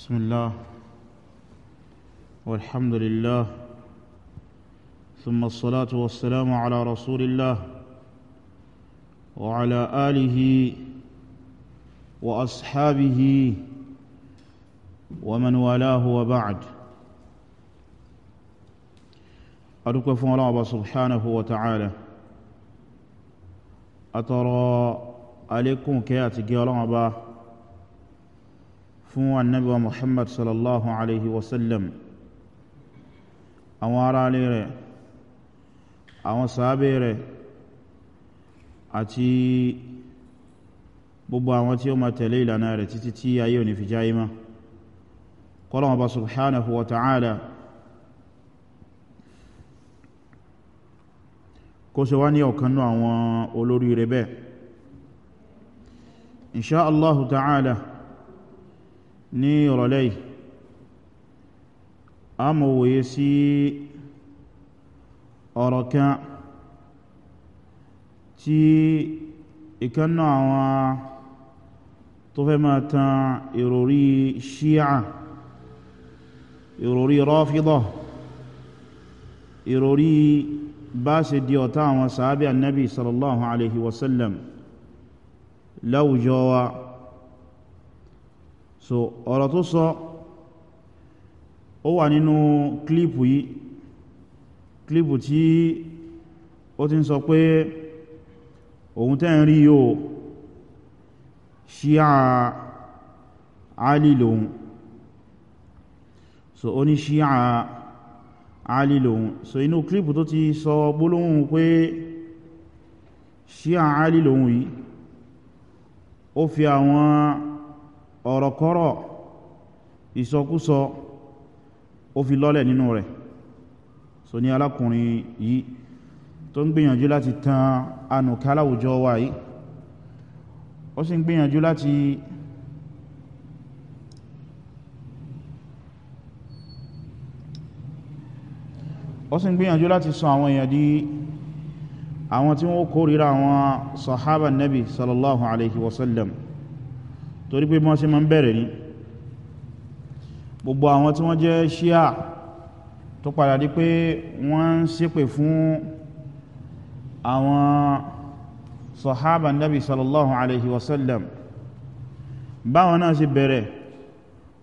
بسم الله والحمد لله ثم الصلاة والسلام على رسول الله وعلى آله وأصحابه ومن والاه وبعد أدوك الله سبحانه وتعالى أترى عليكم كياتي قيرابا fún annabi wa muhammad sallallahu alaihi wasallam àwọn ará ilé rẹ̀ àwọn sàábé rẹ̀ àti gbogbo àwọn tí ó ma tẹ̀lé ìlànà rẹ̀ títí tí ayé ò ní fi jáyé má kọ́lọ̀wọ̀n bá subhanahu wa ta'ala kó ṣe wá ní ọ̀kanú àwọn olórí rẹ̀ bẹ́ẹ̀ inṣá allahu ta'ala ní ìrọ̀lẹ́ yìí a mọ̀ wòye sí ọ̀rọ̀ kan tí ìkanná àwọn tó fẹ́ máa tan ìròrí ṣíà ìròrí rọ́fídọ̀ ìròrí bá ṣe di ọ̀tá àwọn sàábí annabi sallallahu alaihi wasallam láwùjọ wa. Sallam, so ọ̀rọ̀ tó sọ ó wà nínú klípù yìí klípù tí ó ti ń sọ pé òun tẹ́ ń rí yóò ṣíà alì so ó ní ṣíà alì so inú klípù tó ti sọ gbólóhùn pé ṣíà alì yìí ó fi àwọn ọ̀rọ̀kọ́rọ̀ ìsọkúsọ ó fi lọ́lẹ̀ nínú rẹ̀ so ní alákùnrin yìí tó ń gbìyànjú láti tan anùká láwùjọ wa yìí ó sì ń gbìyànjú láti ó sì ń gbìyànjú láti sọ àwọn èèyàn di àwọn tí wọ́n kórìíra àwọn sahaba nabi sallallahu alaihi wasallam torí pé mọ́ sí ma ń bẹ̀rẹ̀ ní gbogbo àwọn tí wọ́n jẹ́ ṣíà tó padà di pé wọ́n ń ṣépè fún àwọn sọ̀hábà nabi sallallahu alaihi wasallam báwọn náà sì bẹ̀rẹ̀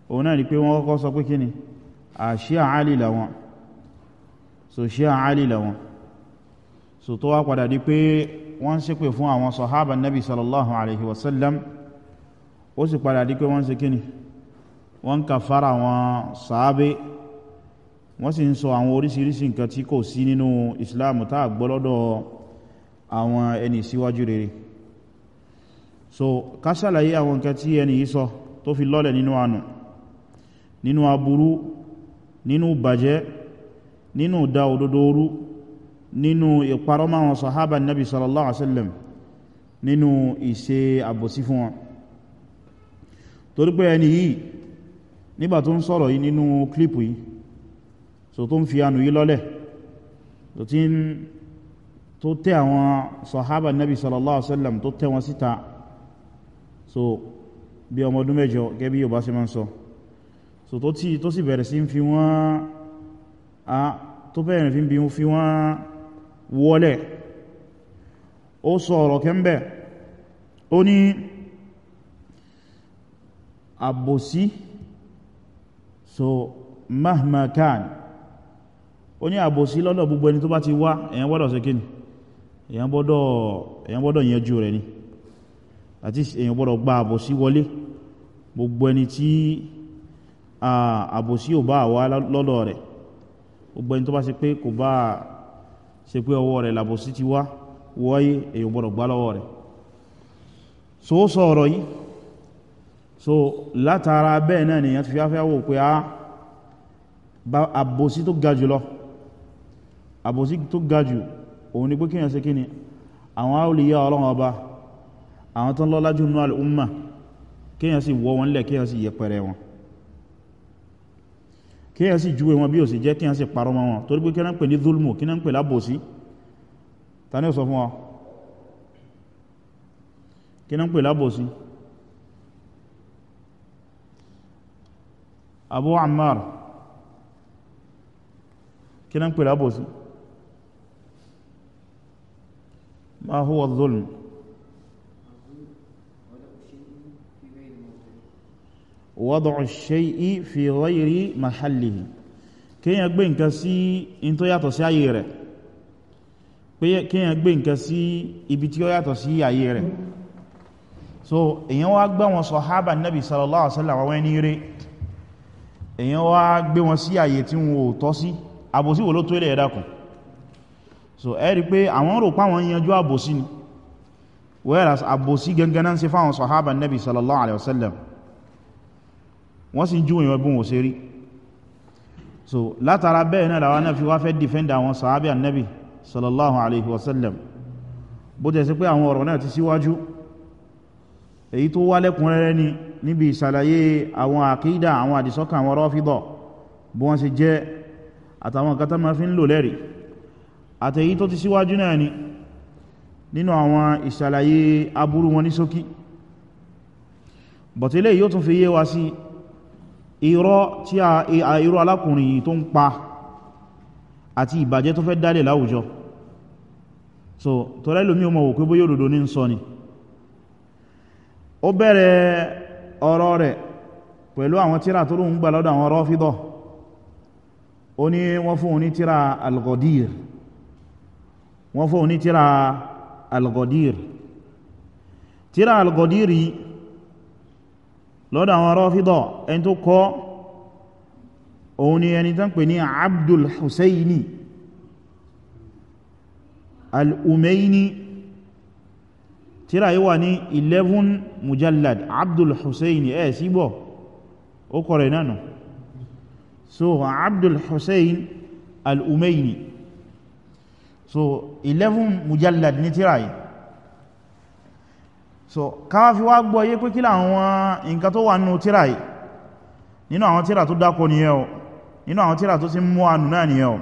òun náà ni pé wọ́n kọ́kọ́ sọ pé kí ni a ṣíà alì làwọn so ṣíà alì làwọn so tó wá padà di pé wọ́n ṣépè fún àwọn sọ̀hábà nabi sallallahu alaihi wasallam ó sì padà di pé wọ́n ṣe kíni wọ́n kà fara wọn sàábé wọ́n sì ń sọ àwọn oríṣiríṣi nǹkan tí kò sí nínú Islam tá a gbọ́ lọ́dọ̀ àwọn ẹni síwájú rere so ká ṣàlàyé àwọn nǹkan tí ẹni yìí sọ tó fi lọ́lẹ̀ nínú àánú nínú aburú nínú bàjẹ́ nínú da òdòdóorú nínú ìparọ́mọ́ àwọn sàhábà nabi sallallahu alaihi wasallam nínú ìṣe àbòsí fún wọn torí pé ẹni yìí nígbà tó ń sọ̀rọ̀ yìí nínú klípù yìí so tó ń fi anù yìí lọ́lẹ̀ tó ti ń tó tẹ́ àwọn sahaba nabi sallallahu alaihi wasallam tó tẹ́ wọn síta so bí ọmọ ọdún mẹ́jọ gẹ́gẹ́ bí Yorùbá ṣe sọ so tó ti tó sì bẹ̀rẹ̀ sí ń fi wọ́n a tó bẹ̀rẹ̀ fi ń bí fi wọ́n wọlẹ̀ ó sọ ọ̀rọ̀ kẹ́ńbẹ̀ ó ní Abosi so mahma kan ó ní àbòsí lọ́dọ̀ gbogbo ẹni tó bá ti wá èyàn gbọ́dọ̀ ṣe kíni èyàn gbọ́dọ̀ èyàn rẹ̀ ni àti èyàn gbọ́dọ̀ gba àbòsí wọlé gbogbo ẹni tí àbòsí ò bá wá lọ́dọ̀ rẹ̀ gbogbo ẹni tó bá ṣe pé kò bá ṣe pé ọwọ́ rẹ̀ làbòsí ti wá wọ́yé èyàn gbọ́dọ̀ gbá lọ́wọ́ rẹ̀ so ó sọ ọ̀rọ̀ yìí so látara bẹ́ẹ̀ náà nìyàn ti fi afẹ́ wò pé ah, àbòsí tó ga jù lọ àbòsí tó ga òun ni pé kíyàn sí kíni àwọn àwòlìyà ọlọ́run ọba àwọn tó ń lọ lájú nínú al'umma kíyàn sì wọ́ wọn lẹ̀ kíyàn sì yẹpẹrẹ wọn kíyàn sì júwe wọn bí ò sì jẹ́ kíyàn sì parọ́ mọ́ wọn torí pé kíyàn pè ní zulmù kíyàn pè lábòsí ta ní ò sọ fún wa kíyàn pè lábòsí abu ammar kí náà ń pè lábòsí ma huwa zulm wọ́dọ̀ ṣe'i fi ghayri mahallihi kíyàn gbé nǹkan sí in tó yàtọ̀ sí ayé rẹ̀ kíyàn gbé nǹkan sí ibi tí ó yàtọ̀ sí ayé rẹ̀ so èyàn wá gbá wọn sọ̀hábà nabi sallallahu alaihi wasallam wọ́n ní rẹ̀ èyàn wá gbé wọn sí àyè tí wọn ò tọ́ sí àbòsí wo ló tó ilẹ̀ ẹ̀dàkùn so ẹ rí pé àwọn rò páwọn yanjú àbòsí ni whereas àbòsí gangan náà fáwọn sahaba nabi sallallahu alaihi wasallam wọ́n sì jú ìwọ̀n so látara bẹ́ẹ̀ náà làwọn náà fi wá fẹ́ nabi sallallahu alaihi wasallam bó jẹ́ sí pé àwọn ọ̀rọ̀ náà ti síwájú èyí tó wá lẹ́kùnrẹ́rẹ́ ni níbi ìsàlàyé àwọn àkídà àwọn àdìsọ́kà àwọn rọ́fídọ̀ bí wọ́n ṣe jẹ́ àtàwọn nǹkan tó ma fi ń lò lẹ́rì àtẹ̀yí tó ti síwájú náà ni nínú àwọn ìsàlàyé aburú wọn ní ṣókí bọ̀tílẹ̀ yóò tún fi yé wa sí irọ́ tí a irọ́ alákùnrin yìí tó ń pa àti ìbàjẹ́ tó fẹ́ dálẹ̀ láwùjọ so tọ́lẹ́lòmí ọmọ òkú bóyí òdòdó ní ń sọ ni ó bẹ̀rẹ̀ ọ̀rọ̀ rẹ̀ pẹ̀lú àwọn tíra tó lóun gbà lọ́dọ̀ àwọn Rāfidah ó ní wọ́n fún un ní tíra Al-Ghadir wọ́n fún un ní tíra Al-Ghadir tíra al yìí lọ́dọ̀ àwọn Rāfidah ẹni tó kọ òun ni ẹni tán pè ní Abdul Husayni al tíra yíwa ní 11 mujallad abdul hussein ẹ̀ síbọ̀ ó kọ̀rẹ̀ náà so abdul hussein al-umaini so 11 mujallad ní tíra yìí so káwà fi wá gbọ́ yé pé kí láwọn nǹkan tó wà nínú tíra yìí nínú àwọn tíra tó dákọ nìyẹn o nínú àwọn tíra tó ti mú ànù náà nìyẹn o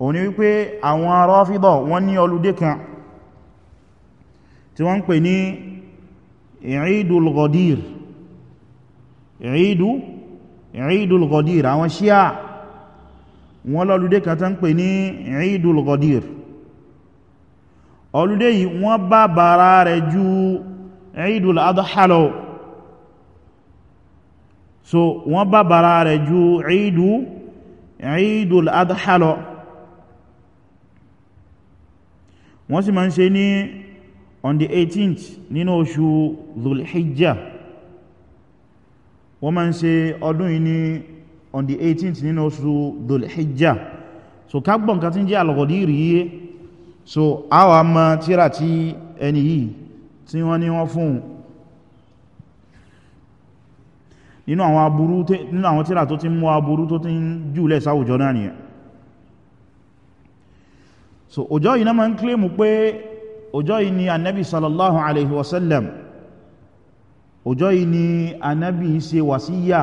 òun ni wípé àwọn Rāfidah wọ́n ní ọlúdé kan tí wọ́n ń pè ní Eidul Ghadir Eidul Ghadir àwọn Ṣíà wọ́n lọ́lúdé kan tó ń pè ní Eidul Ghadir ọlúdé yìí wọ́n bá bàrá rẹ̀ ju Eidul Adha lọ so wọ́n bá bàrá rẹ̀ ju Eidul Adha wọ́n sì máa ń ṣe ní on the 18th nínú oṣù dhulhijjah wọ́n máa ń ṣe ọdún yìí ní on the 18th nínú oṣù dhulhijjah so kágbọ́n nǹkan tí ń jẹ́ al-Ghadir so àwa ma tíra tí ẹni yìí tí wọ́n ní wọ́n fún nínú àwọn aburú nínú àwọn tíra tó ti mú aburú tó ti ń jùlẹ̀ sáwùjọ náà nìyẹn so òjò yìí náà máa ń kílèmù pé ọjọ́ yìí ni annabi sallallahu alaihi wasallam ọjọ́ yìí ni annabi ṣe wàsíyà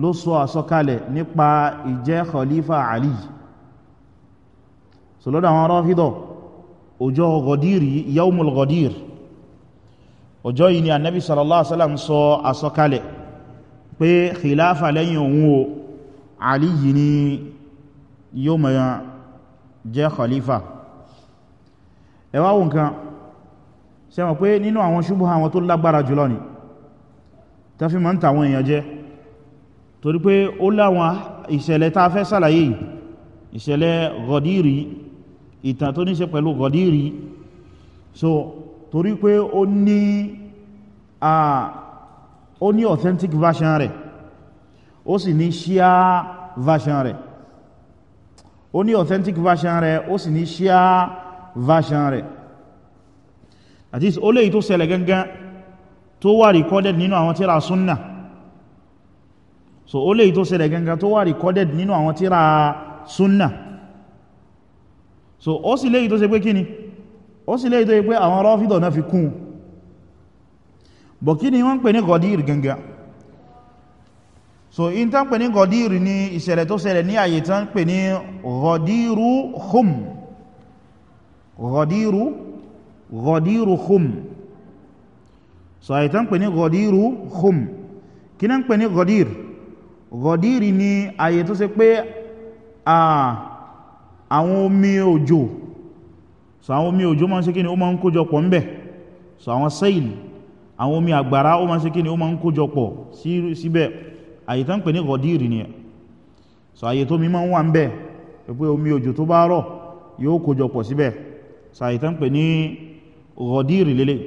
ló sọ àsọkalẹ̀ nípa ìjẹ́ khalifa ali so lọ́dọ̀ àwọn Rāfidah ọjọ́ gọdírì yawmul gọdír ọjọ́ yìí ni annabi sallallahu alaihi wasallam sọ àsọkalẹ̀ pé khilafa lẹ́yìn òun o ali yìí ni yóò máa jẹ́ khalifa ẹ wá wo nǹkan ṣe mọ̀ pé nínú àwọn ṣubú àwọn tó lágbára jùlọ ni ta fi ma ń tàwọn èèyàn jẹ torí pé ó láwọn ìṣẹ̀lẹ̀ ta fẹ́ sàlàyé ìṣẹ̀lẹ̀ gọdírí ìtàn tó ní pẹ̀lú gọdírí so torí pé ó ní a ó ní authentic version rẹ̀ ó sì ní shia version rẹ̀ ó ní authentic version rẹ̀ ó sì ní shia version rẹ̀ at least ó léyìí tó ṣẹlẹ̀ gangan tó wà recorded nínú àwọn tíra súnnà so ó léyìí tó ṣẹlẹ̀ gangan tó wà recorded nínú àwọn tíra súnnà so ó sì léyìí tó ṣe pé kíni ó sì léyìí tó ṣe pé àwọn rọ́fídọ̀ náà fi kún bọ̀ kí ni wọ́n pè ní gọdír gangan so in tán pè ní Godir ni ìṣẹ̀lẹ̀ tó ṣẹlẹ̀ ní àyè tán pè ní gọdíru khum gọ̀dírù gọ̀dírù khum so àìtà ń pè ní gọ̀dírù khum kí ní ń pè ní gọ̀dír gọ̀dírì ni àyè tó ṣe pé àwọn omi òjò so àwọn omi òjò máa ń ṣe kí ni ó máa ń kójọpọ̀ ń bẹ̀ so àwọn sẹ́ìlì àwọn omi àgbàrá ó máa ń ṣe kí ni ó máa ń kójọpọ̀ síbẹ̀ àyè tó pè ní gọ̀dírì ni so àyè tó mi máa ń wà ń bẹ̀ pé omi òjò tó bá rọ̀ yóò kójọpọ̀ síbẹ̀ sàìtàn pè ní Ghadir lélẹ̀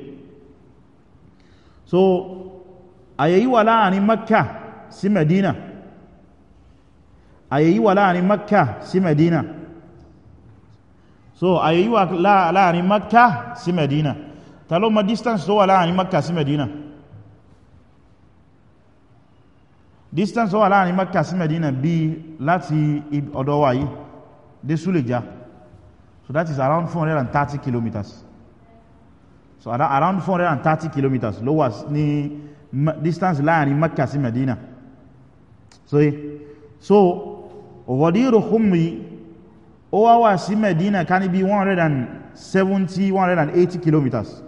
so àyè yìí wà láàrin Makka sí Medina àyè yìí wà láàrin Makka sí Medina so àyè yìí wà láàrin Makka sí Medina ta ló mọ distance tó wà láàrin Makka sí Medina distance tó wà láàrin Makka sí Medina bí láti ọ̀dọ̀ wa yìí dé Suleja So that is around 430 kilometers. So around 430 kilometers ló wà ní distance láàrin Mecca sí Medina. So, eh, so Ghadiru Khumri ó wá wà sí Medina can be 170, 180 kilometers.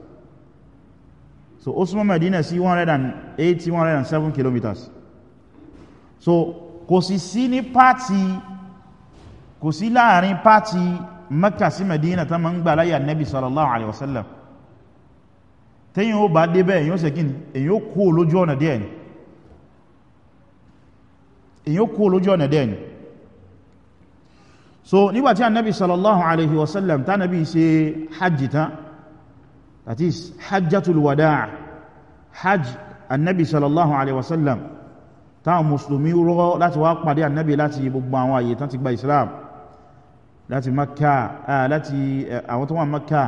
So Osman Medina sí 180, 107 kilometers. So kò sì sí ní pàtì, kò sí láàrin pàtì Mẹ́kà sí Medina ta ma ń gbà láyà Nabi sallallahu alaihi wasallam tẹ́yìn ó bá dé bẹ́ẹ̀ èyàn sẹ́kí ni èyàn ó kó lójú ọ̀nà díẹ̀ ni èyàn ó kó lójú ọ̀nà díẹ̀ ni so nígbàtí Annabi sallallahu alaihi wasallam ta Nabi ṣe hajji ta that is hajjatul wada' hajj Annabi sallallahu alaihi wasallam ta musulmi rọ́ láti wá pàdé Annabi láti gbogbo àwọn àyè tán ti gba Islam láti Makka láti àwọn tó wà Makka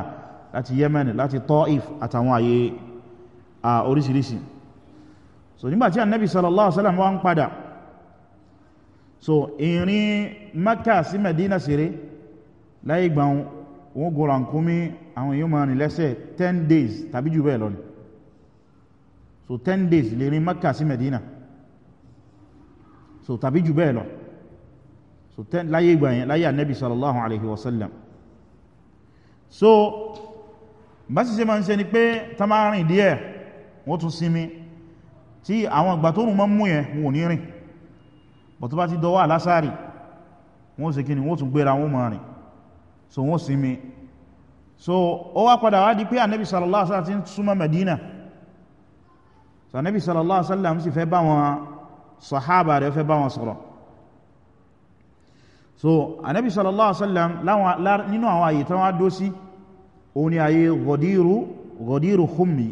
láti Yemen láti Taif àtàwọn àyè oríṣiríṣi so nígbàtí annabi sallallahu alaihi wasallam wá ń padà so ìrìn Makka sí Medina sire láyé gbàun wọ́n gọ́ra ń kúmí àwọn èèyàn máa rìn lẹ́sẹ̀ 10 days tàbí jù bẹ́ẹ̀ lọ ni so 10 days lè rìn Makka sí Medina so tàbí jù bẹ́ẹ̀ lọ so ten láyé ìgbà yẹn láyé ànábì sallallahu alaihi wasallam so bá sì ṣe máa ń ṣe ni pé tá máa rìn díẹ̀ wọ́n tún sinmi tí àwọn ìgbà tó rùn mọ́ mú yẹn wọn ò ní rìn bọ̀ tó ti dọwọ́ àlásàrì wọ́n ṣe kí ni wọ́n tún gbéra wọn máa rìn so wọ́n sinmi so ó wá padà wá di pé ànábì sallallahu alaihi wasallam ti súnmọ́ Medina so ànábì sallallahu alaihi wasallam sì fẹ́ bá wọn sàhábà rẹ̀ fẹ́ bá wọn sọ̀rọ̀ so anabi sallallahu alaihi wasallam nínú àwọn àyè tán wá dó sí òun ni àyè gọdíru gọdíru khummi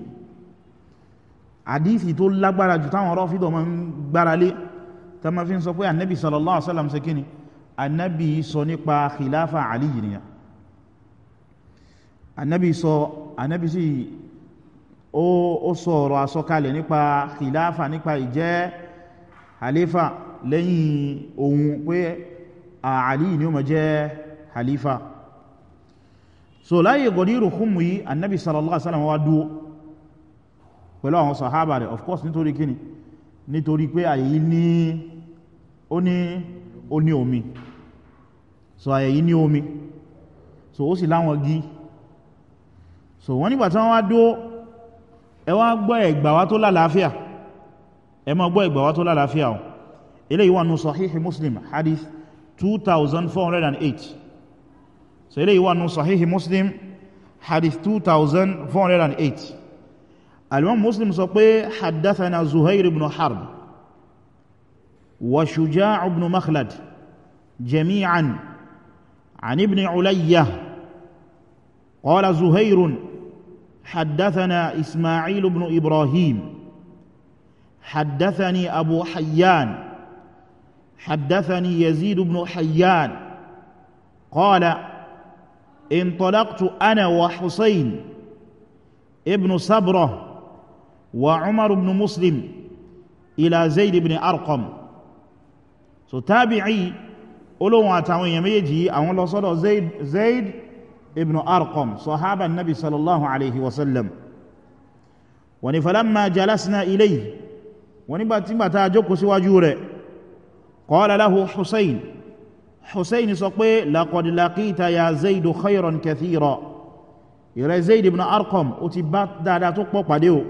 àdífì tó lágbára jù táwọn rọ́fídọ̀ ma ń gbára lé ta ma fi ń sọ pé anabi sallallahu alaihi wasallam ṣe kíni anabi sọ nípa khilafa ali yìnyà anabi sọ anabi sì ó sọ̀rọ̀ àsọkalẹ̀ nípa khilafa nípa ìjẹ́ halifa lẹ́yìn ohun pé Ah, Ali ni ó máa jẹ́ halifa so láyé gọdírù kúmù yí annabi sallallahu alaihi wasallam wá dúó pẹ̀lú àwọn sahaba rẹ̀ of course nítorí kíni nítorí pé àyèyí ní ó ní ó ní omi so àyèyí ní omi so ó sì láwọn gí so wọ́n nígbà tí wọ́n wá dúó ẹ wá gbọ́ ẹ̀gbà wá tó lálàáfíà ẹ máa gbọ́ ẹ̀gbà wá tó lálàáfíà o eléyìí wà muslim hadith 2408 so eléyìí wà nù sahihi muslim hadith 2408 alimam muslim sọ pé haddathana zuhair ibn harb wa shuja' ibn makhlad jami'an عن ابن علية قال زهير حدثنا إسماعيل بن إبراهيم حدثني أبو حيان حدثني يزيد بن حيان قال انطلقت أنا وحسين ابن صبره وعمر بن مسلم إلى زيد بن أرقم so tabi'i olóhun àtàwọn èèyàn méjì àwọn lọ sọ́dọ̀ zaid zaid ibn arqam sahaba nabi sallallahu alaihi wasallam wani falamma jalasna ilayhi wani bá tí bá ta jókòó síwájú rẹ̀ qala lahu Husayn Husayn sọ pé laqad laqita ya Zaidu khayran kathira ìrẹ Zaid ibn Arqam ó ti bá dáadáa tó pọ̀ pàdé o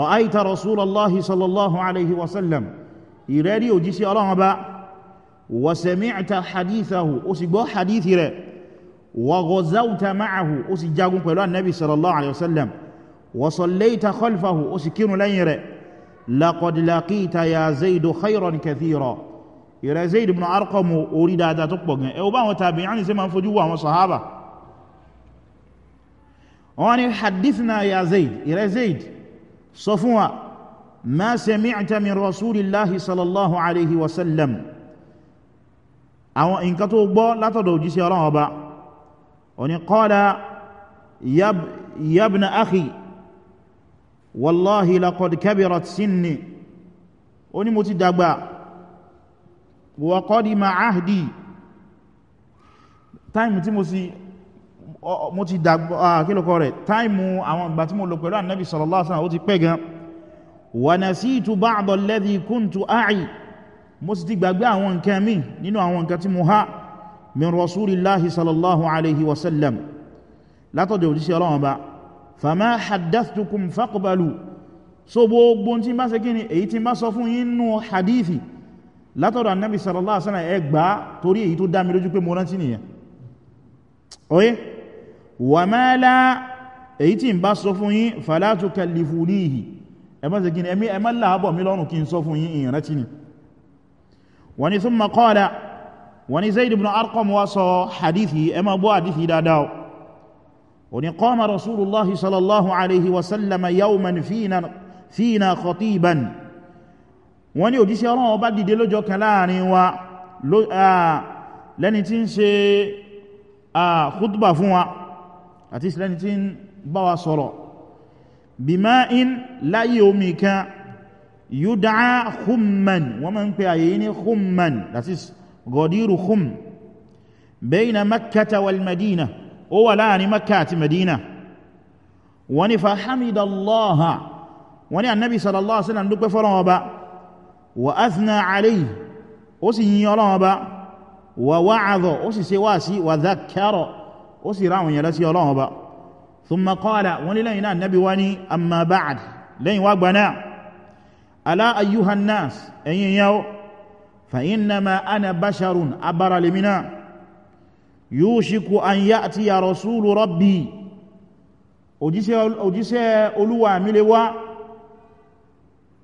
ra'ayta rasulallahi sallallahu alaihi wasallam ìrẹ rí òjíṣẹ́ Ọlọ́run bá wa sami'ta hadithahu ó sì gbọ́ hadithi rẹ̀ wa ghazawta ma'ahu ó sì jagun pẹ̀lú annabi sallallahu alaihi wasallam wa sallaita khalfahu ó sì kírun lẹ́yìn rẹ̀ لقد لقيت يا زيد خيرا كثيرا ìrẹ̀ Zaid ibn Arqam orí dáadáa tó pọ̀ gan ẹ wò bá àwọn tabi'ani ṣe máa ń fojú wò àwọn sahaba wọ́n ní hadithna ya Zaid ìrẹ̀ Zaid sọ fún wa ma sami'ta min rasulillahi sallallahu alaihi wasallam àwọn nǹkan tó gbọ́ látọ̀dọ̀ òjíṣẹ́ Ọlọ́run ọba ó ní qala ya ibn akhi wallahi laqad kabirat sinni ó ní mo ti dàgbà wa qadima ahdi táìmù tí mo sì mo ti dàgbà kílòkọ́ rẹ̀ táìmù àwọn ìgbà tí mo lò pẹ̀lú ànábì sallallahu alaihi wasallam ó ti pẹ́ gan wa nasitu ba'da alladhi kuntu a'i mo sì ti gbàgbé àwọn nǹkan mi nínú àwọn nǹkan tí mo há min rasulillahi sallallahu alaihi wasallam látọ̀dọ̀ òjíṣẹ́ ọlọ́wọ́n ba fàmá haddathtukum faqbalu so gbogbo tí bá ṣe kíni èyí tí bá sọ fún yín nínú hadithi látọ̀dọ̀ annabi sallallahu alaihi wasallam ẹ gbà torí èyí tó dá mi lójú pé mo rántí nìyẹn oye wà máa lá èyí tí bá sọ fún yín fala tukallifunihi ẹ bá ṣe kíni ẹmí ẹmá láàbọ̀ mi lọ́rùn kí n sọ fún yín ìrántí ni wani thumma qala wani zaid ibn arqam wa sọ hadithi ẹ ma gbọ́ hadithi dáadáa oni qama rasulullahi sallallahu alaihi wasallama yawman fina fina khatiban wọ́n ní òjíṣẹ́ ọlọ́run ọba dìde lọ́jọ́ kan láàrin wa lẹ́ni tí ń ṣe khutba fún wa àti lẹ́ni tí ń bá wa sọ̀rọ̀ bima'in láyé omi kan yúdá khumman wọ́n ma ń pè khumman that is gọdírù khum bayna makkata wal madina ó wà láàrin makka àti medina wọ́n ní fa hamidallaha wọ́n ní annabi sallallahu alaihi wasallam dúpẹ́ fọ́lọ́wọ́ ba wa athna alayhi ó sì yìn Ọlọ́run ba wa wa'adha ó sì ṣe wáàsí wa dhakkara ó sì ráwọn yẹ̀lẹ́ sí Ọlọ́run ba thumma qala wọ́n ní lẹ́yìn náà annabi wá ní amma ba'd lẹ́yìn wá gbaná ala ayyuhan nas ẹ̀yin yau fa yushiku an ya'ti ya rasulu rabbi òjíṣẹ́ olúwa mi lè wá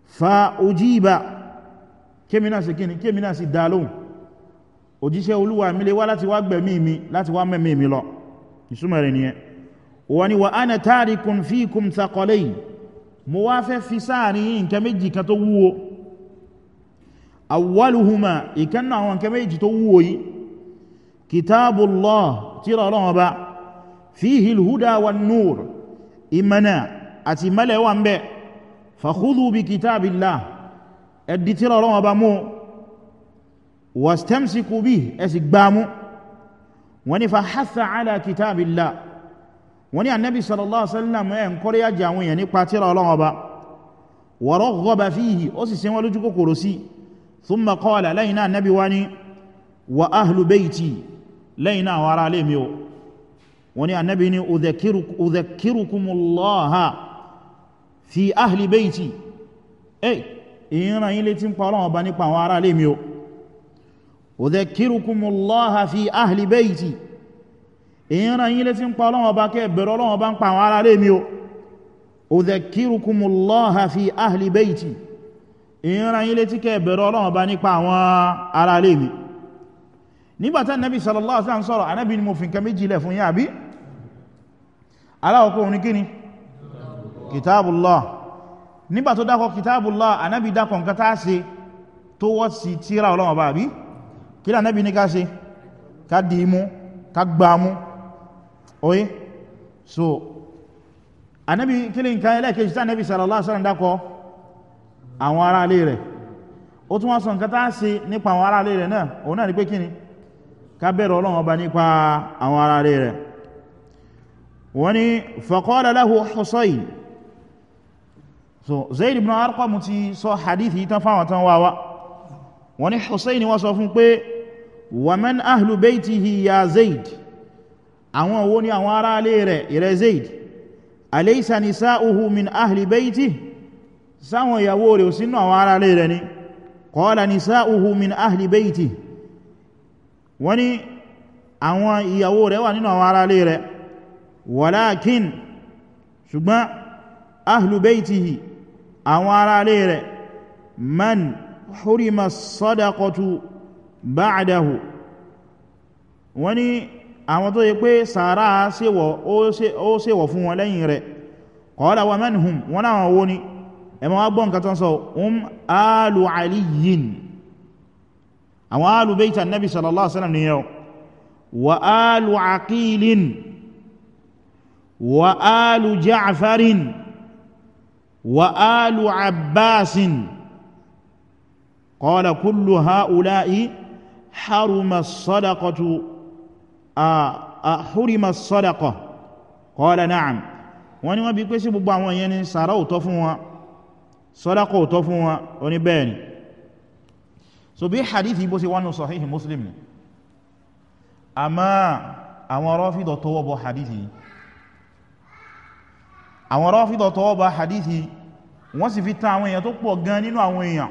fa ujiba kémìnà sí kíni kémìnà sí dálóhùn òjíṣẹ́ olúwa mi lè wá láti wá gbẹ̀mí mi láti wá mẹ́mí mi lọ ìsúnmọ̀ rẹ̀ nìyẹn wọ́n ni wa ana tarikun fikum thaqalayn mo wá fẹ́ fi sáàrin nǹkan méjì kan tó wúwo awwaluhuma ìkan àwọn nǹkan méjì tó wúwo yìí kitabullah tírà Ọlọ́run Ọba fihi alhuda wan nur imana àti male wà ńbẹ̀ fakhudhu bi kitabillah edi tírà Ọlọ́run Ọba mú wastamsiku bihi esigbamu wani fahatha ala kitabillah wani annabi sallallahu alaihi wasallam e nkori aja àwọn èyàn nípa tírà Ọlọ́run Ọba wa raghaba fihi ó sì ṣe wọ́n lójú kòkòrò sí thumma wa ahlu bayti lẹ́yìn náà àwọn ará lè mi o wọ́n ni annabi ni udhakirukumullaha fi ahli bayti eh ìran yí létí ń pa Ọlọ́run Ọba nípa àwọn ará lè mi o udhakirukumullaha fi ahli bayti ìran yí létí ń pa Ọlọ́run Ọba kẹ́ bẹ̀rẹ̀ Ọlọ́run Ọba ń pa nígbàtá nabi sallallahu alaihi wasallam sọ̀rọ̀ anábi ni mo fi nǹkan méjì lẹ̀ fún yá bí aláwọ̀kọ́ òní kíni kitabullah nígbà tó dákọ̀ kitabullah anábi dákọ̀ nǹkan tá ṣe tó wọ́ sí tíra ọlọ́wọ̀n bá bí kí lá anábi ní ká ṣe ká dì mú ká gbà mú oye so anábi kílì nǹkan ẹlẹ́kejì tá anábi sallallahu alaihi wasallam dákọ̀ àwọn ará ilé kábẹ̀rẹ̀ ọlọ́run ọba nípa àwọn ara rẹ̀ wọ́n ni faqala lahu Husayn so Zayd ibn Arqam ti sọ hadithi tán fáwọn tán wáwá wọ́n ni Husayn wọ́n sọ fún pé wa man ahlu baytihi ya Zayd àwọn owó ni àwọn ara rẹ̀ ìrẹ Zayd alaysa nisa'uhu min ahli baytihi sáwọn ìyàwó rẹ̀ sínú àwọn ara rẹ̀ ni qala nisa'uhu min ahli baytihi wọ́n ní àwọn ìyàwó rẹ̀ wà nínú àwọn aráalé rẹ̀ walakin ṣùgbọ́n ahlu baitihi àwọn aráalé rẹ̀ man hurima sadaqatu ba'dahu wọ́n ní àwọn tó yẹ pé sàárà ó ṣèwọ̀ fún wọn lẹ́yìn rẹ̀ qala wa man wọ́n náà wọ́n ni ẹmọ́ wá gbọ́n kàtọ́ sọ um alu aliyin àwọn alu bayt annabi sallallahu alaihi wasallam ni yau wa alu aqilin wa alu ja'farin wa alu abbasin qala kullu ha'ula'i haruma as-sadaqatu a hurima as-sadaqah qala na'am wọ́n ni wọ́n bi pé sí gbogbo àwọn yẹn ni sàrá òtọ́ fún wọn sọ́dákọ̀ òtọ́ fún wọn oníbẹ̀ẹ́ni so bí hadithi bó ṣe wánú sahihi muslim ni àmá àwọn rọ́fídọ̀ tọwọ́ bọ hadithi àwọn rọ́fídọ̀ tọwọ́ bọ hadithi wọ́n sì fi tàn àwọn èèyàn tó pọ̀ gan nínú àwọn èèyàn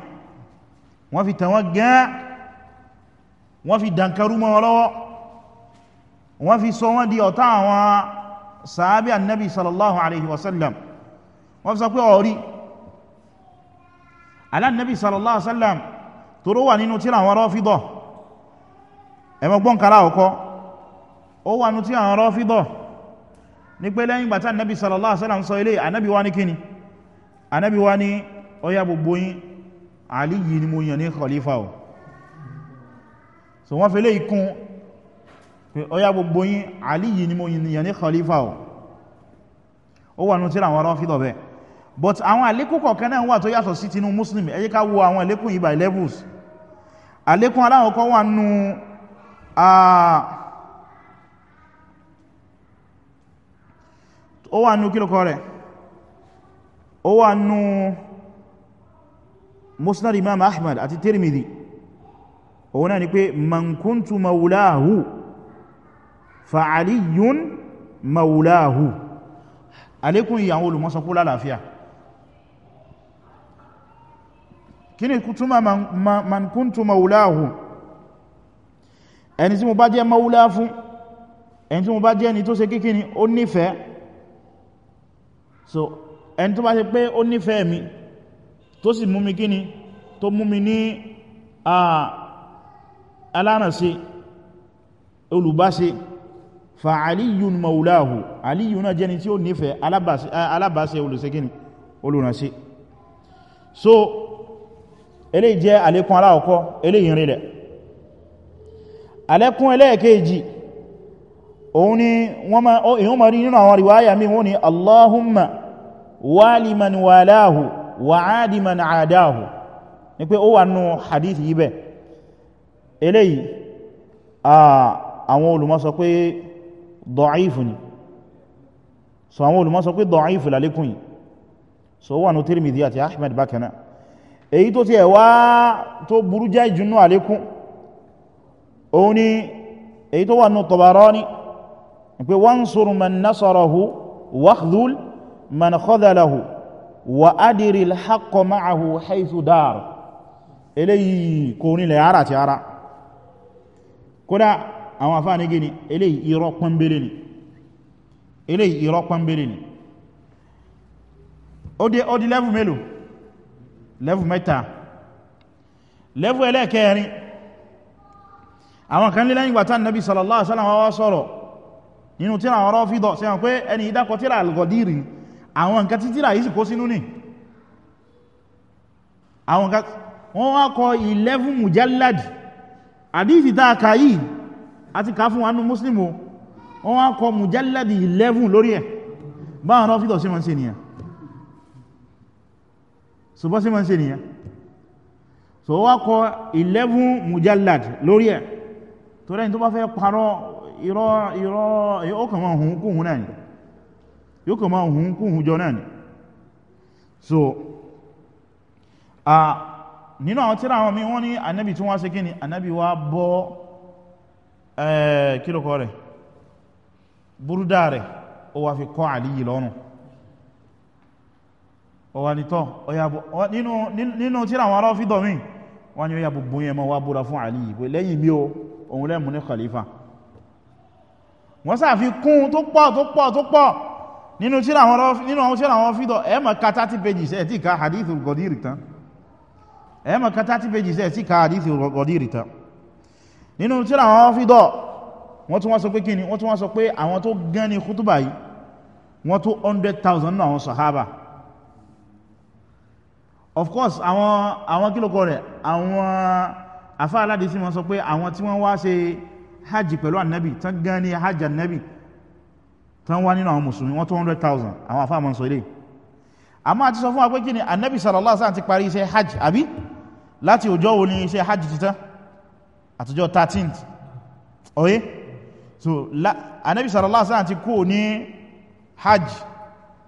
wọ́n fi tàn wọ́n gan wọ́n fi dankaru mọ́ lọ́wọ́ wọ́n fi sọ wọ́n di ọ̀tá àwọn sàábí annabi sallallahu alaihi wasallam wọ́n fi sọ pé ọ̀rí alannabi sallallahu alaihi wasallam tó ró wà nínú tíra àwọn rọ́fídọ̀ ẹmọ gbọ́nkara ọkọ́ ó wà nínú tíra àwọn rọ́fídọ̀ ní pé lẹ́yìn gbàtà nẹ́bí sallallahu alaihi wasallam sọ ilé ànábì wá ní kíni ànábì wá ní ọya gbogbo yín àlì yìí ni mo yàn ní khalifa o so wọ́n fi lé ikún pé ọya gbogbo yín àlì yìí ni mo yàn ní khalifa o ó wà nínú tíra àwọn rọ́fídọ̀ bẹ́ẹ̀ but àwọn àlékún kọ̀ọ̀kan wà tó yàtọ̀ sí tinú muslim ẹ wo àwọn àlékún yìí by levels àlékún aláwọ̀ kan wà nù ó wà nù kílùkọ rẹ̀ ó wà nù musnad imam ahmad àti tirmidhi òun náà ni pé mankuntu maulahu fa'aliyun maulahu àlékún ìyàwó olùmọ́sọkú lálàáfíà la kíni kútúmà man kúntù mauláhù ẹni tí mo bá jẹ́ maulá fún ẹni tí mo bá jẹ́ ẹni tó ṣe kíkíni ó nífẹ̀ẹ́ so ẹni tó bá ṣe pé ó nífẹ̀ẹ́ mi tó sì mú mi kíni tó mú mi ní alárànṣe olùbáṣe fa aliyun mauláhù aliyun náà jẹ́ni tí ó nífẹ̀ẹ́ alábáṣe olùṣe olùrànṣe so eléyìí jẹ́ àlékún aláàkọ́ eléyìí rinlẹ̀ àlékún ẹlẹ́ẹ̀kejì òun ni wọ́n ma rí nínú àwọn riwáyà mi wọ́n ni Allahumma waliman walahu wa adiman adahu ni pé ó wà nù hadith yìí bẹ̀ eléyìí àwọn olùmọ̀ sọ pé dọ̀ífù ni so àwọn olùmọ̀ sọ pé dọ̀ífù lálékún yìí so wà nù Tirmidhi àti Ahmad bákanáà èyí tó ti ẹ̀wà tó burú jẹ́ ìjúnú àlékún òun ni èyí tó wà ní Tabarani pé wansur man nasarahu wakhdhul man khadhalahu wa adiri alhaqqa ma'ahu haythu dar eléyìí kò nílẹ̀ ara ti ara kódà àwọn afá ní gini eléyìí irọ́ pọ́nbélé ni eléyìí irọ́ pọ́nbélé ni ó di lẹ́fù mélòó lẹ́fù mẹ́ta lẹ́fù ẹlẹ́ẹ̀kẹrin àwọn kan ní lẹ́yìn gbàtán nabi sallallahu alaihi wasallam wá sọ̀rọ̀ nínú tíra àwọn Rāfidah sí wọn pé ẹni ìdákọ̀ tíra al-Ghadīri àwọn nǹkan tí tíra yìí sì kó sínú ní àwọn nǹkan wọ́n wá kọ 11 mujallad àdíìsì tá ka yìí àti ká fún wánú muslimu wọ́n wá kọ mujallad 11 so bọ́sí ma ń ṣe nìyẹn so wá kọ 11 mujallad lórí ẹ̀ tó rẹ̀ tó bá fẹ́ parọ́ irọ́ irọ́ yóò kàn máa hùn kúhùn náà ni yóò kàn máa hùn kúhùn jọ náà ni so a nínú àwọn tíra àwọn míì wọ́n ní anábì tí wọ́n ṣe kíni anábì wá bọ́ kílòkọ rẹ̀ búrúdà rẹ̀ ó wá fi kọ́ àlìyí lọ́rùn ọwà nìtọ́ nínú tí àwọn ará fi dọ̀mí wọ́n ni ó yà gbogbo yẹn mọ́ wá búra fún àlì ìbò lẹ́yìn mí o òun lẹ́mù ní khalifa wọ́n sàfi kún tó pọ̀ tó pọ̀ tó pọ̀ nínú tí àwọn fi dọ̀ ẹ̀mọ̀ ka 30 pages ẹ̀ tí ka hadithu gọdírì tán ẹ̀mọ̀ ka 30 pages ẹ̀ tí ka hadithu gọdírì tán nínú tí àwọn fi dọ̀ wọ́n tún wá sọ pé kíni wọ́n tún wá sọ pé àwọn tó gán ní kútùbà yìí wọ́n tó 100,000 náà àwọn sàhábà of course àwọn àwọn kílòkọ rẹ̀ àwọn afá aládìsí wọn sọ pé àwọn tí wọ́n wá ṣe hajj pẹ̀lú annabi tán gan ní hajj annabi tán wá nínú àwọn mùsùlùmí wọ́n 200,000 àwọn afá mọ́ sọ ilé àmọ́ àti sọ fún wa pé kí ni annabi sallallahu alaihi wasallam ti parí iṣẹ́ hajj àbí láti ọjọ́ wo ni iṣẹ́ hajj ti tán àtọjọ́ 13th oye so la, annabi sallallahu alaihi wasallam ti kú ní hajj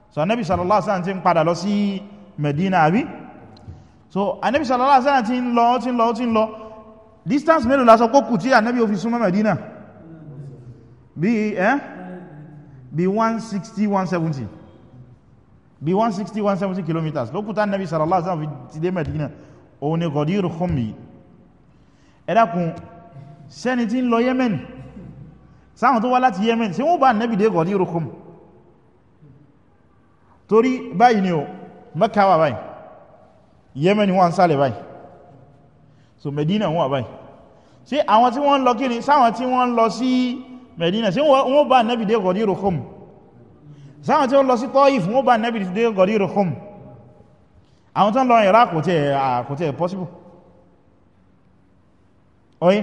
so annabi sallallahu alaihi wasallam ti ń padà lọ sí medina àbí so anabi sallallahu alaihi wasallam tin lọ tin lọ tin lọ distance mélòó la sọ ko ku ti anabi ó fi súnmọ́ Medina bí eh bí 160 170 bí 160 170 kilometers ló kúta anabi sallallahu alaihi wasallam fi ti dé Medina òun ni gọdírù khummi ẹ dákun sẹ́ni tí ń lọ Yemen sáwọn to wá láti Yemen sí wọ́n bá nẹ́bì dé gọdírù khummi torí báyìí ni ó Mẹ́kà wa báyìí yemen wọ́n sálẹ̀ báyìí so medina wọ́n báyìí ṣé àwọn tí wọ́n lọ kí ni sáwọn tí wọ́n lọ sí medina ṣé wọ́n bá nẹ́bì dé gọ̀dí rohom sáwọn tí wọ́n lọ sí tọ́yif wọ́n bá nẹ́bì dé gọ̀dí rohom àwọn tó ń lọ ìrá kò tẹ́ kò tẹ́ possible oye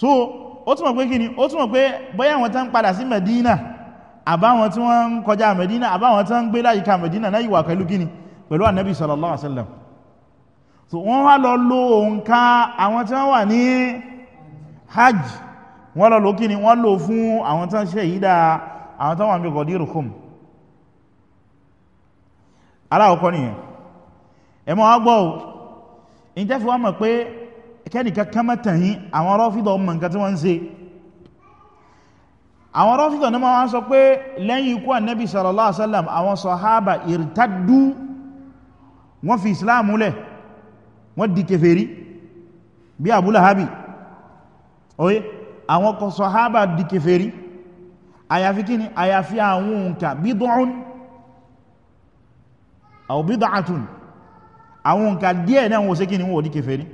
so ó túnmọ̀ pé kí ni ó túnmọ̀ pé bóyá àwọn tó ń padà sí medina àbáwọn tí wọ́n ń kọjá medina àbáwọn tó ń gbé láyìíká medina náà yìí wà pẹ̀lú kí ni pẹ̀lú ànẹ́bì sallallahu alaihi wasallam so wọ́n wá lọ lo òǹkà àwọn tí wọ́n wà ní hajj wọ́n lọ lókí ni wọ́n lò fún àwọn tán ṣe ìdá àwọn tán wà ní Godirukum aláwọ̀kọ́ nìyẹn ẹmọ́ agbọ́ o in jẹ́ fi wá mọ̀ pé kẹ́nìkan kan mẹ́tàyín àwọn Rāfidah ọmọ nǹkan tí wọ́n ń ṣe àwọn Rāfidah ní wọ́n sọ pé lẹ́yìn ikú Ànábì sallallahu alaihi àwọn sàhábà irtaddu wọ́n fi Islam lẹ̀ wọ́n di kèfèrí bí Abu Lahabi oye àwọn kan sọ̀hábà di kèfèrí àyàfi kí ni àyàfi àwọn òǹkà bídọ́un aw bídọ́àtún àwọn òǹkà díẹ̀ náà wọ́n ṣe kí ni wọ́n di kèfèrí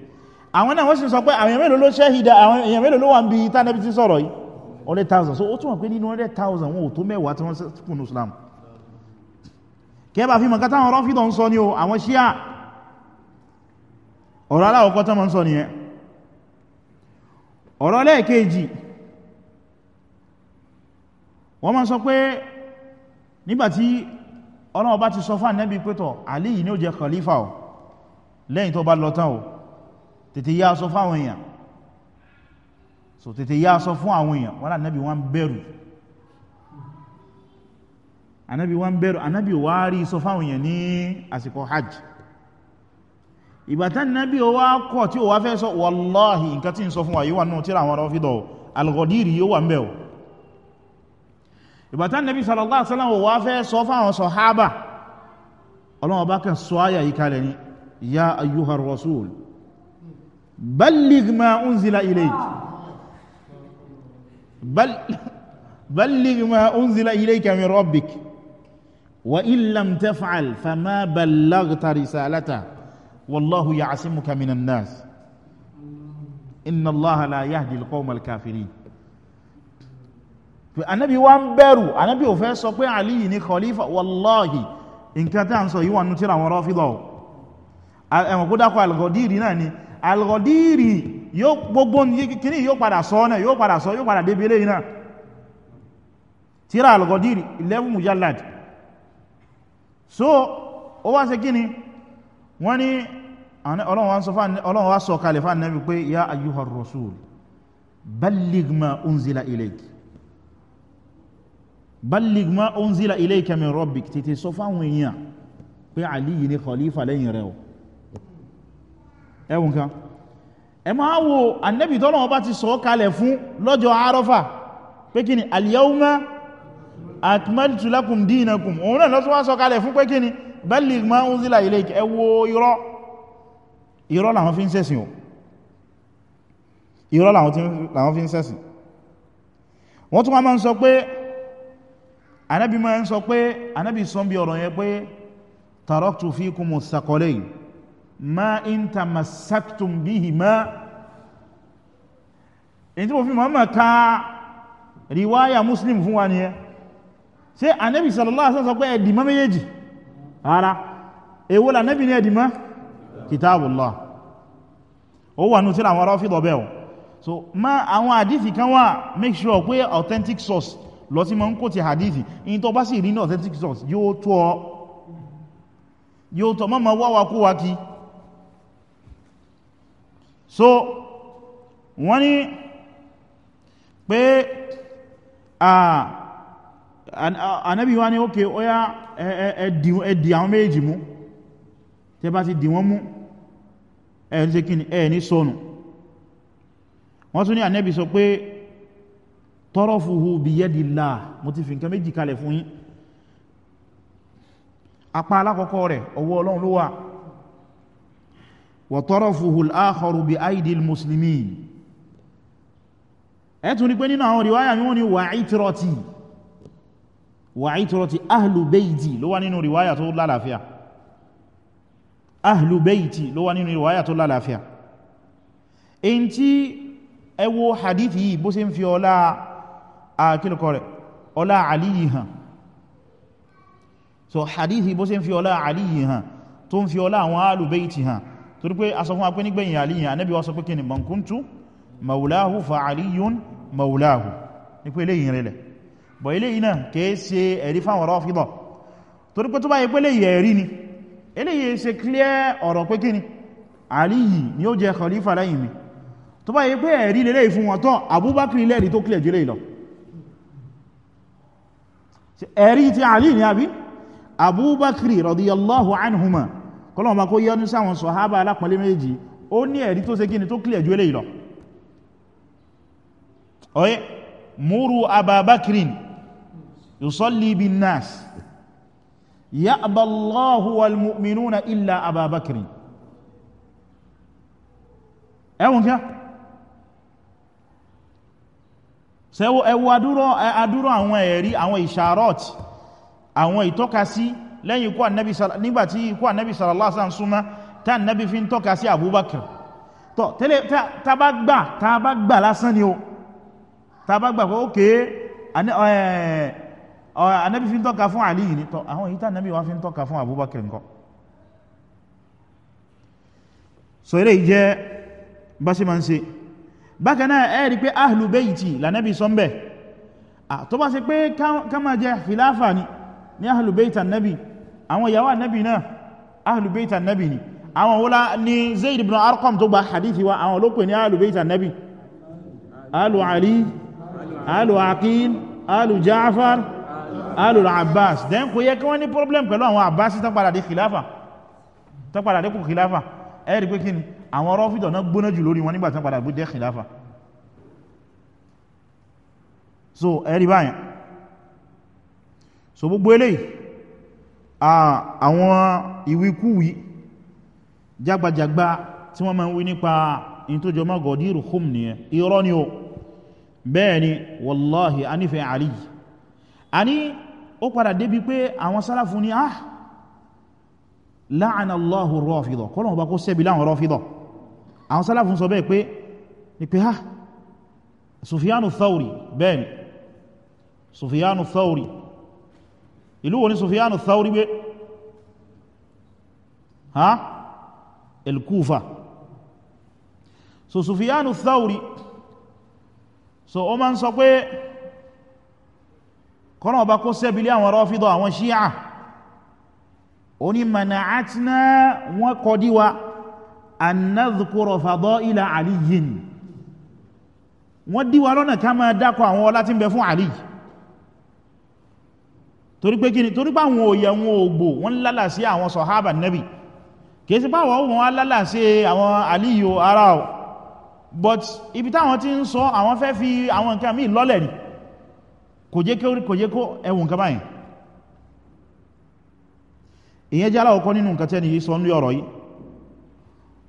àwọn náà wọ́n sì sọ pé àwọn èèyàn mélòó ló ṣẹ́hìdà so ó túnmọ̀ pé nínú ọlẹ́ 1000 wọn ò tó mẹ́wàá tí wọ́n sẹ́kùn Islam kẹ́bà fi ọ̀rọ̀ aláwọ̀kọ́ tó mọ́ ń sọ nìyẹn ọ̀rọ̀ lẹ́ẹ̀kejì wọ́n máa sọ pé nígbàtí Ọlọ́run bá ti sọ fún Ànábì pétọ̀ Àlí yìí ni ó jẹ khalifa o lẹ́yìn tó bá lọ tán o tètè yá sọ fún àwọn èèyàn so tètè yá sọ fún àwọn èèyàn wọ́n Ànábì wọ́n bẹ̀rù Ànábì wọ́n bẹ̀rù Ànábì wá rí sọ ìgbàtán nábí o wá kọ̀ tí o wá fẹ́ sọ wàláhì nǹkan tí ń sọ fún wa yíò wà náà tíra àwọn rọ́fídọ̀ algodiri yíò wà ń bẹ̀ o ìgbàtán nábí sallallahu alaihi wasallam o wá fẹ́ sọ fáwọn sàhábà ọlọ́wọ́ sọ wallahu ya'simuka minan nas inna allaha la yahdi alqawmal kafirin pé anabi wa ń bẹ̀rù anabi ò fẹ́ sọ pé ali ni khalifa wallahi nǹkan tá à ń sọ yìí wà nù tíra àwọn rọ́fídọ̀ ẹ̀wọ̀n kó dákọ̀ algodiri náà ni algodiri yóò gbogbo kìíní yóò padà sọ náà yóò padà sọ yóò padà débi eléyìí náà tíra algodiri 11 mujallad so ó wá ṣe kíni wọ́n ní ọlọ́run wá sọ kalẹ̀ fún ànábì pé ya ayyuhar rasul balligh ma unzila ilayk balligh ma unzila ilayka min rabbik tètè sọ fáwọn èèyàn pé Ali yìí ni khalifa lẹ́yìn rẹ̀ o ẹwùn kan ẹ máa wo ànábì tọ́lọ́run bá ti sọ kalẹ̀ fún lọ́jọ́ arọ́fà pé kí ni al-yawma akmaltu lakum dinakum òun náà lọ́tún wá sọ kalẹ̀ fún pé kí ni balligh ma unzila ilayk ẹ wo irọ́ irọ́ làwọn fi ń sẹ́sìn o irọ́ làwọn fi ń sẹ́sìn wọ́n tún wá máa ń sọ pé anábi máa ń sọ pé anábi sọ bí ọ̀rọ̀ yẹn pé taraktu fikum as-saqalayn ma in tamassaktum bihima èyí tí mo fi mọ́mọ̀ ka riwaya muslim fún wa nìyẹn ṣé anábi sallallahu alaihi wasallam sọ pé ẹ̀dì mọ́ méjèèjì ara ewo la nabi ní ẹ̀dìmọ́ kitabullah ó wà nù tí àwọn ará fìdọ̀ bẹ́ẹ̀ so ma àwọn hadithi kan wà make sure pé authentic source Lo sí ma ń kó ti hadithi in tó bá sì rí ní authentic source yóò tó ọ yóò tọ́ mọ́mọ́ wáwá kó wá kí so wani pe pé àà anábì wá ní ókè óyá ẹ̀dì àwọn méjì mú tẹ́ bá ti dì wọ́n mú ẹ̀ ní kíni ẹ̀ ní sọnù wọ́n tún ní anábì sọ pé tarafuhu biyadillah mo ti fi nǹkan méjì kalẹ̀ fún yín apá alákọ̀ọ́kọ́ rẹ̀ ọwọ́ ọlọ́run ló wà wa tarafuhu al-akharu bi aidil muslimin ẹ̀ pé nínú àwọn ríwáyà ni wọ́n ní wà ìtìrọ̀tì wa itrati ahlu bayti ló wà nínú riwaya tó lálàáfíà ahlu bayti ló wà nínú riwaya tó lálàáfíà in tí ẹ wo hadith yìí bó ṣe ń fi ọlá àkílùkọ rẹ̀ ọlá aliyi hàn so hadith yìí bó ṣe ń fi ọlá aliyi hàn tó ń fi ọlá àwọn ahlu bayti hàn torí pé a sọ fún apé nígbẹ̀yìn aliyi hàn anẹ́bí wa sọ pé kí ni man maulahu fa aliyun maulahu ní pé lẹ́yìn bọ̀ ilé iná kìí ṣe ẹ̀rí fáwọn Rāfidah torí pé tó bá yẹ pé léyìí ẹ̀rí ni eléyìí ṣe clear ọ̀rọ̀ pé kíni Àlí yìí ni ó jẹ khalifa lẹ́yìn mi tó bá yẹ ẹ̀rí lélẹ́ fún wọn tán Abubakar lẹ́rí tó clear jùlẹ̀ lọ ẹ̀rí ti Àlí ni àbí yusalli bin nas ya'ba Allahu wal mu'minuna illa Aba Bakr ẹwùn kíá sẹ́wọ́ ẹwọ́ adúrọ̀ àwọn ẹ̀rí àwọn ìṣàrọ̀t àwọn ìtọ́kasí lẹ́yìn ikú ànẹ́bí nígbàtí ikú ànẹ́bí sallallahu alaihi wasallam súnmá tá ànẹ́bí fi ń tọ́ka sí Abubakar tọ́ tẹ́lẹ̀ tàbágbà tàbágbà lásán ni ó tàbágbà pé ókè anabi fi ń tọ́ka fún ali yìí nítọ́ àwọn èyí tí anabi wá fi ń tọ́ka fún abubakar nǹkan so eré jẹ́ bá sí ma ń ṣe bákan náà ẹ rí pé ahlu bayti lànàbí sọ́mbẹ̀ tó bá ṣe pé ká máa jẹ filafa ni ní ahlu bayti anabi àwọn ìyàwó anabi náà ahlu bayti anabi ni àwọn wọ́la ni zaid ibn arqam tó gba hadithi wa àwọn olóòpè ní ahlu bayti anabi ahlu ali ahlu aqil ahlu ja'far alul abbas den kò yẹ kí wọ́n ní problem pẹ̀lú àwọn abbas tán padà dé khilafa tán padà dé kò khilafa ẹ rí pé kí ni àwọn rọ́fìdọ̀ náà gbóná jù lórí wọn nígbà tán padà dé khilafa so ẹ báyìí so gbogbo eléyìí àwọn ìwíkúwí jágbajàgba tí wọ́n máa ń wí nípa in tó jọ mọ́ irọ́ ni o bẹ́ẹ̀ ni wallahi a àríyìí a ní ó padà débi pé àwọn sálàfù ní ah láàánà Allahu rọ́fìdọ̀ kọ́lọ̀wọ́ bá kó sẹ́bi láwọn rọ́fìdọ̀ àwọn sálàfù sọ bẹ́ẹ̀ pé ní pé ah Sufyanu Thawri bẹ́ẹ̀ni Sufyanu Thawri ìlú wo ni Sufyanu Thawri gbé ha el so Sufyanu Thawri so o ma sọ pé kọ́nà ọba kó sẹ́bílé àwọn rọ́fídọ̀ àwọn ṣíà ó ní mana'atna wọ́n kọdíwa an nadhkura fadaila aliyin wọ́n díwa lọ́nà ká máa dákọ àwọn ọlá tí ń bẹ fún àlì torí pé kíni torí pé àwọn òye wọn ògbò wọ́n lálà sí àwọn sọ̀hábà nẹ́bì kìí sí pàwọ̀ wọn lálà sí àwọn àlìyò ara but ibi táwọn ti ń sọ àwọn fẹ́ fi àwọn nǹkan míì lọ́lẹ̀ ni kò jẹ́ kí orí kò jẹ́ kó ẹwùn nǹkan báyìí ìyẹn jẹ́ aláwọ̀kọ́ nínú nǹkan tẹ́ni yìí sọ ní ọ̀rọ̀ yìí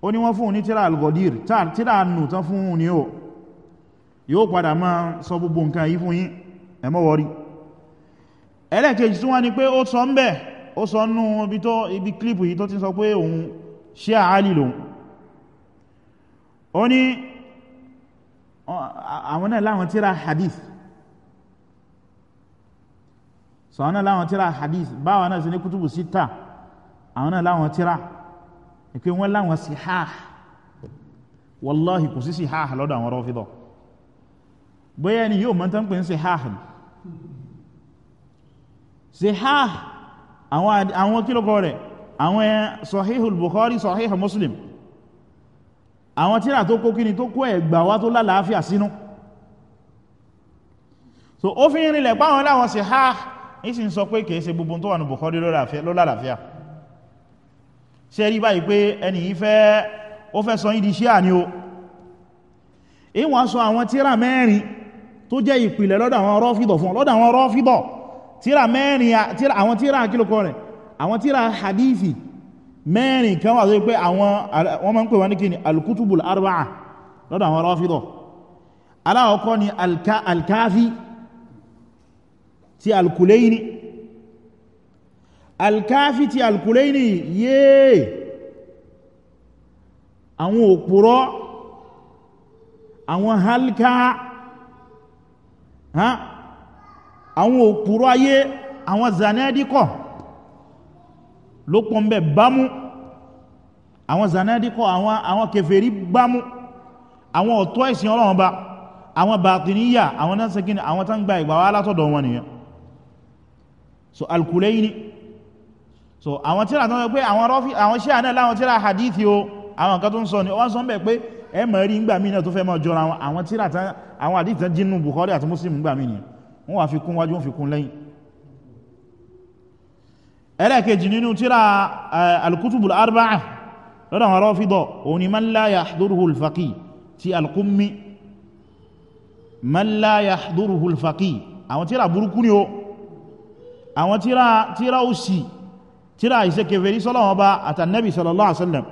ó ní wọ́n fún ní tíra algodir tíra nù tán fún ní o yóò padà máa sọ gbogbo nǹkan yìí fún yín ẹ wọrí ẹlẹ́ẹ̀kejì tí wọ́n ni pé ó sọ ń bẹ̀ ó sọ nú ibi tó ibi kílípù yìí tó ti sọ pé òun ṣe àálì lòun ó ní àwọn náà láwọn tíra hadith so àwọn náà láwọn tíra hadith báwọn náà sí ní kútùbù síta àwọn náà láwọn tíra ìpé wọ́n láwọn sí ha wallahi kò sí sí ha lọ́dọ̀ àwọn rọ́fídọ̀ bóyá ni yóò mọ́ntán pé ń sí ha ni sí ha àwọn kílòkọ rẹ̀ àwọn eh, sahihul bukhari sahihul muslim àwọn tíra tó kó kíni tó kó ẹ̀gbà wá tó lálàáfíà sínú so ó fi ń rinlẹ̀ páwọn láwọn sí ha ìsìn sọ pé kìí ṣe gbogbo tó wà ní Bukhari lọ́làlàfíà ṣe rí báyìí pé ẹni ìfẹ́ ó fẹ́ sọ yín di Shia ni o ìwọ̀n sọ àwọn tíra mẹ́rin tó jẹ́ ìpìlẹ̀ lọ́dọ̀ àwọn Rọ́fídọ̀ fún lọ́dọ̀ àwọn Rọ́fídọ̀ tíra mẹ́rin àwọn tíra kílòkọ́ rẹ̀ àwọn tíra hadithi mẹ́rin kan wà tó pé àwọn wọ́n máa ń pè wọ́n ní kí ni al-kutubul aláwọ̀kọ́ ni al-Kafi al al ti alkulaini alkafi ti alkulaini yéè àwọn òpùrọ́ àwọn halka ha àwọn òpùrọ́ ayé àwọn zanadikọ̀ ló pọ̀ ń bẹ̀ bámú àwọn zanadikọ̀ àwọn àwọn kèfèrí bámú àwọn ọ̀tọ́ ìsìn ọlọ́run ba àwọn bàtìníyà àwọn náà sẹ́kín àwọn tán gba ìgbàwà látọ̀dọ̀ wọn nìyàn so al-Kulayni so àwọn tíra tán pé àwọn rọ́fí àwọn ṣíà náà láwọn tíra hadithi o àwọn nǹkan tó ń sọ ni wọ́n sọ ń bẹ̀ pé ẹ mọ̀ rí ngbà mí náà tó fẹ́ mọ́ jọra wọn àwọn tíra tán àwọn hadithi tán jínú Bukhari àti Muslim ngbà mí ni wọ́n wà fi kún wájú wọ́n fi kún lẹ́yìn ẹlẹ́kejì nínú tíra eh, al-Kutubul lọ́dọ̀ àwọn rọ́fídọ̀ òní man la yahduruhu ti al-Qummi man la àwọn tíra burúkú ni o àwọn tíra tíra òsì tíra ìsẹ́kẹfẹ̀rí sọ́lọ́wọ́n bá àtànẹ́bì sallallahu alaihi wasallam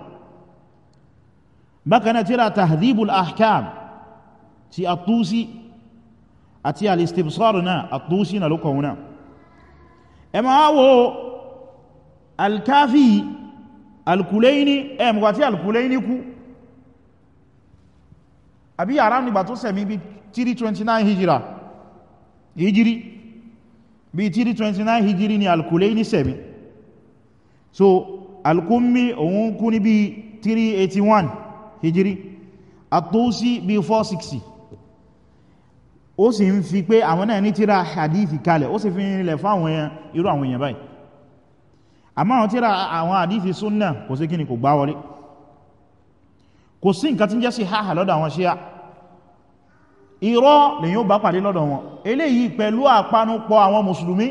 bákanáà tíra tahdhibul ahkam ti àtúsí àti al-istibsar náà àtúsí na lókọ̀wọ́n náà ẹ máa wo alkafi alkulaini ẹmùgbà tí alkulaini kú àbí aráàmùgbà tó sẹ̀mí bí 329 hijira hijiri bí 329 hijiri ni al-Kulayni sẹ̀mí so al-Qummi òun kú ní bí 381 hijiri at-Tusi bí 460 ó sì ń fi pé àwọn náà ní tíra hadithi kalẹ̀ ó sì fi nílẹ̀ fáwọn irú àwọn èèyàn báyìí àmọ́ àwọn tíra àwọn hadithi sunna kò sí kí ni kò gbá wọlé kò sí nǹkan tí ń jẹ́ sí háhà lọ́dọ̀ àwọn ṣíyà irọ́ lèyàn bá pàdé lọ́dọ̀ wọn eléyìí pẹ̀lú àpanupọ̀ àwọn mùsùlùmí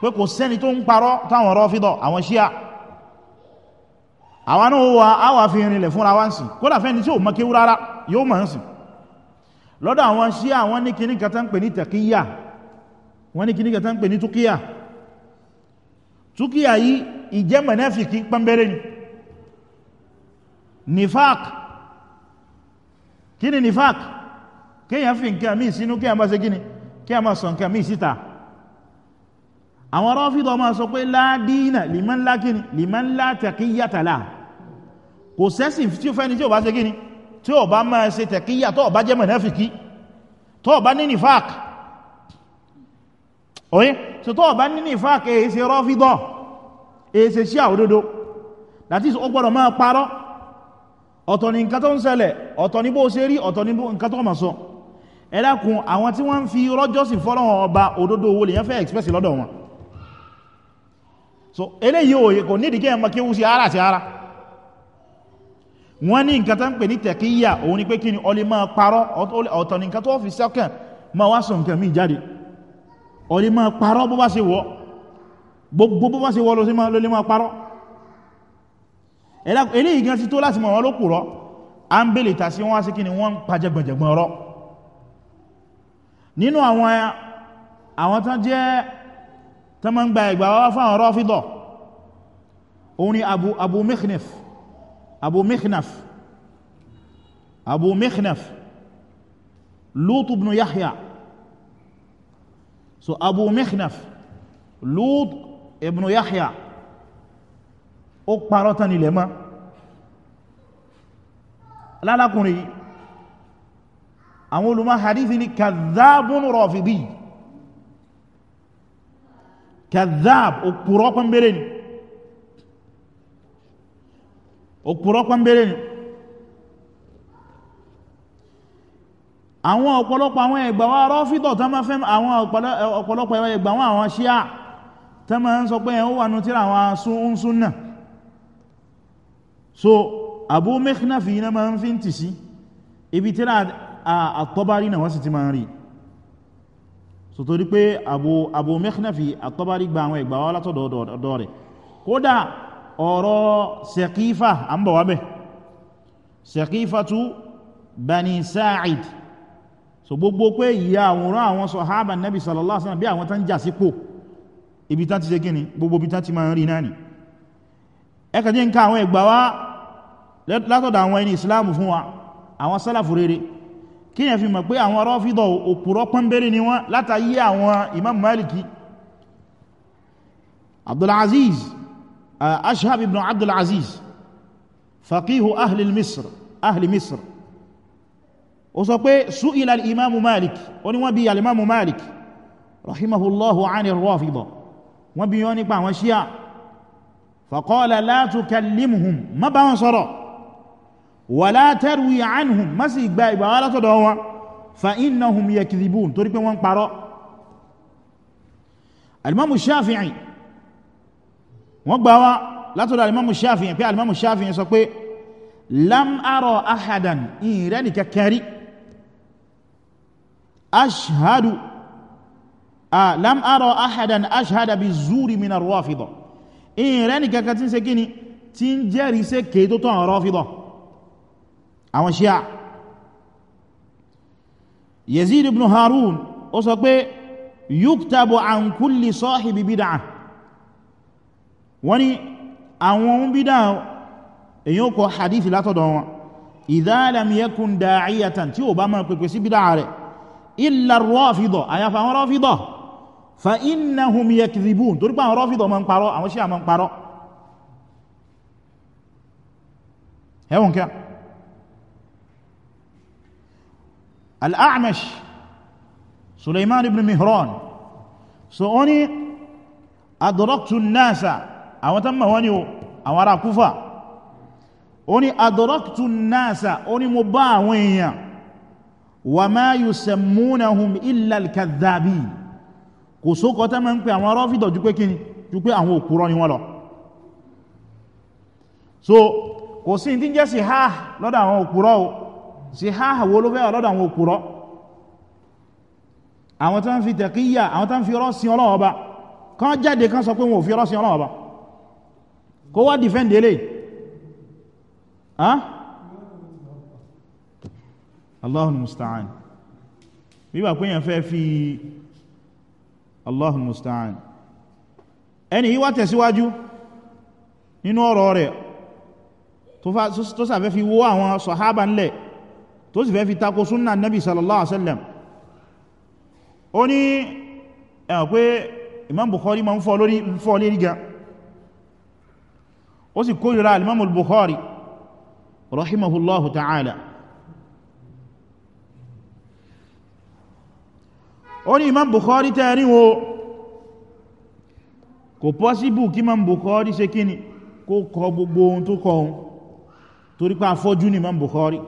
pé kò sẹ́ni tó ń parọ́ táwọn rọ́fídọ̀ àwọn ṣíà àwọn náà wà áwà fi rìnlẹ̀ fúnra wá ń sìn kódà fẹ́ni tí ó mọ́ kéwú rárá yóò mọ̀ ń sìn lọ́dọ̀ àwọn ṣíà wọ́n ní kíní kan tán pè ní tẹ̀kíyà wọ́n ní kíní kan tán pè ní túkíyà túkíyà yìí ìjẹ́ mọ̀nẹ́fìkì pẹ́mbẹ́rẹ́ ni nifak kí ni nifak kéèyàn fi nǹkan míì sínú kéèyàn bá ṣe gíní kéèyàn máa sọ nǹkan míì síta àwọn Rāfidah máa sọ pé lā dīna liman lā kíni liman lā taqiyyata lahu kò sẹ́sìn tí ó fẹ́ni tí ó bá ṣe gíní tí ó bá máa ṣe taqiyya tó bá jẹ́ mùnáfìkí tó bá ní nifaq oye so tó bá ní nifaq èyí ṣe Rāfidah èyí ṣe Shia òdodo that is ó gbọ́dọ̀ máa parọ́ ọ̀tọ̀ ni nǹkan tó ń ṣẹlẹ̀ ọ̀tọ̀ ni bó ṣe rí ọ̀tọ̀ ni nǹkan tó máa sọ ẹ dákun àwọn tí wọ́n ń fi rọ́jọ́sìn fọ́lọ́wọ́n ọba òdodo owó lèyàn fẹ́ express lọ́dọ̀ wọn so eléyìí òye kò nídìí kí ẹ kí wú sí ara sí ara wọ́n ní nǹkan tó ń pè ní tẹ̀kíyà òun ni pé kí ni ọlẹ́ máa parọ́ ọ̀tọ̀ ní nǹkan tó fi sọ́kàn máa wá sọ nǹkan míì jáde ọlẹ́ máa parọ́ bó bá ṣe wọ́ gbogbo bó bá ṣe wọ́ ló sí lólé máa parọ́ eléyìí gan ti tó láti mọ̀ wọn ló kù rọ́ à ń bèlè tà sí wọn wá sí kí ni wọ́n ń pa jẹgbẹ̀jẹ̀gbọ̀n rọ́ nínú àwọn àwọn tán jẹ́ tán mọ́ ń gba ìgbà wá fáwọn Rāfidah òun ni Abu Abu Mikhnaf Abu Mikhnaf Abu Mikhnaf Lut ibn Yahya so Abu Mikhnaf Lut ibn Yahya ó parọ́ tán ilẹ̀ mọ́ lálákùnrin àwọn olùmọ̀ hadithi ni kazabun rọ̀fìdì kazab òpùrọ́ pẹ́mbèrè ni òpùrọ́ pẹ́mbèrè ni àwọn ọ̀pọ̀lọpọ̀ àwọn ẹgbàwà rọ́fìdọ̀ tó máa fẹ́ àwọn ọ̀pọ̀lọpọ̀ ẹgbàwà àwọn ṣíà tó máa ń sọ pé ẹ̀hún wà nù àwọn súnnà so Abu Mikhnaf fi iná máa ń fi ń tì sí ibi tíra àtọ́bárí náà wọ́n sì ti máa ń rí so torí pé Abu Mikhnaf àtọ́bárí gba àwọn ìgbà wá látọ̀dọ̀ rẹ̀ kódà ọ̀rọ̀ Saqifa à ń bọ̀ wábẹ̀ Saqifatu Bani Sa'id so gbogbo pé ìyá àwòrán àwọn sọ̀hábà Nabi sallallahu alaihi àwọn sálàfù rere kíyàn fi mọ̀ pé àwọn Rọ́fídọ̀ òpùrọ́ pọ́nbẹ̀rẹ̀ ni wọ́n látàyí àwọn Imam Maliki Abdulaziz uh, Ashhab ibn Abdulaziz faqihu ahli Misr ahli Misr ó sọ pé su'ila al-Imam Malik ó ní wọ́n bi al-Imam Malik rahimahullahu ani Rọ́fídọ̀ wọ́n bi wọ́n nípa àwọn Shia faqala la tukallimhum má wala tarwi anhum má sì gba ìgbàwá látọ̀dọ̀ wọn fa innahum yakdhibun torí pé wọ́n ń parọ́ alimamu shafi'i wọ́n gbà wá látọ̀dọ̀ alimamu shafi'i pé alimamu shafi'i sọ pé lam ara ahadan ìrẹ́ ni kẹkẹrí ashhadu a lam ara ahadan ashhada bi zuri min ar ìrẹ́ ni kẹkẹ tí ń jẹ́rìí sí kéètò tán rafida àwọn ṣíà Yazid ibn Harun ó sọ pé yuktabu an kulli sahibi bid'ah wọ́n ni àwọn bid'ah èyàn kọ hadithi látọ̀dọ̀ wọn idha lam yakun da'iyatan tí ó bá mọ́ pẹ̀pẹ̀ sí bid'ah rẹ̀ illa ar-rafida àyàfà àwọn rafida fa innahum yakdhibun torí pé àwọn rafida máa ń parọ́ àwọn ṣíà máa ń parọ́ ẹwọ̀n kẹ́ al-a'mash suleiman ibn mihran so ó ní adọ́rọ̀tù nasa àwọn tán ma wọ́n ni o àwọn ará kúfà ó ní adọ́rọ̀tù nasa ó ní mo bá àwọn èèyàn wa ma yusammunahum illa al-kadhdhabin kò sókọ ma ń pè àwọn rọ́fìdọ̀ ju pé kíni ju pé àwọn òkúrọ́ ni wọ́n so kò sí ní tí ń jẹ́ ha lọ́dọ̀ àwọn òkúrọ́ o sí háhà wo ló fẹ́ ọlọ́dọ̀ àwọn òpùrọ́ àwọn tó ń fi tẹ̀kíyà àwọn tó ń fi rọ́sí Ọlọ́run Ọba kan jáde kan sọ pé wọn ò fi rọ́sí Ọlọ́run Ọba kó wá dìfẹ́ǹdì eléyìí Allahul musta'an wíwà pé yẹn fẹ́ fi Allahul musta'an ẹni yíwá tẹ̀síwájú nínú ọ̀rọ̀ rẹ̀ tó sàfẹ́ fi wó àwọn sàhábà ńlẹ̀ tó sì fẹ́ fi tako súnnà nabi sallallahu alaihi wasallam ó ní ẹ̀wọ̀n pé imam bukhari ma ń fọ́ lórí fọ́ lérí ga ó sì kórìíra alimamul bukhari rahimahullahu ta'ala ó ní imam bukhari tẹ́rin wo kò pọ́síbù kí imam bukhari ṣe kó kọ gbogbo ohun tó kọ ohun torípa afọ́jú ni imam bukhari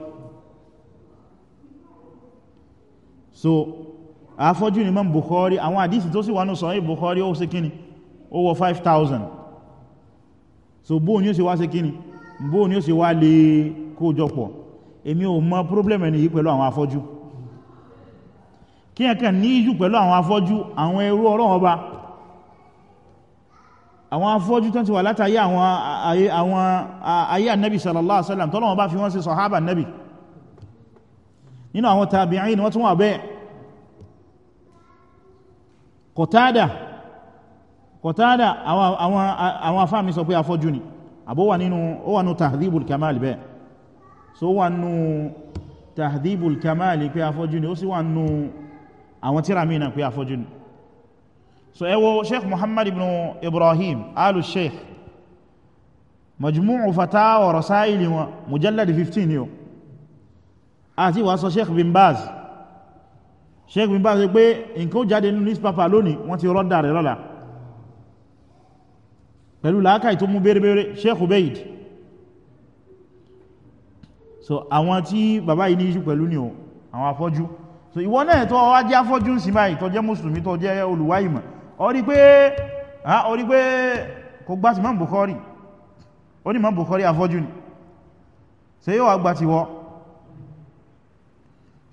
so afọ́jú ni Imam Bukhari àwọn àdísì tó sì wà ní Sahih Bukhari ó sì kíni ó wọ 5,000 so bóò ni ó sì wá sí kíni bóò ni ó sì wá lè kójọpọ̀ èmi ò mọ problem ẹni yìí pẹ̀lú àwọn afọ́jú kí ẹ̀kẹ́ ní ìjú pẹ̀lú àwọn afọ́jú àwọn ẹrú Ọlọ́run ọba àwọn afọ́jú tó ti wà látàyé àwọn ayé Ànábì sallallahu alaihi wasallam tọ́lọ́wọ́n bá fi wọ́n sí sàhábà Ànábì nínú àwọn tabi'in wọ́n tún wà bẹ́ẹ̀ Qatada Qatada àwọn afáàmì sọ pé afọ́jú ni àbó wà nínú ó wà nú tahdhibul kamal bẹ́ẹ̀ so wà nú tahdhibul kamal pé afọ́jú ni ó sì wà nú àwọn tíramì pé afọ́jú ni so ẹwọ sheikh muhammad ibn ibrahim alu sheikh majmu'u fatawa rasaili wọn mujallad 15 yóò àti wà sọ Sheikh bin Baz Sheikh bin Baz pé nǹkan jáde nínú newspaper lónìí wọ́n ti rọ́dà rẹ̀ lọ́la pẹ̀lú làákàí tó mú bérebére Sheikh Ubaid so àwọn tí bàbá yìí ní iṣu pẹ̀lú ni o àwọn afọ́jú so ìwọ náà tó wá jẹ́ afọ́jú ń sinmi àìtọ́ jẹ́ mùsùlùmí tó jẹ́ olùwá ìmọ̀ ó rí pé ó rí pé kò gbá ti Imam Bukhari ó ní Imam Bukhari afọ́jú ni so yóò wá gbá ti wọ́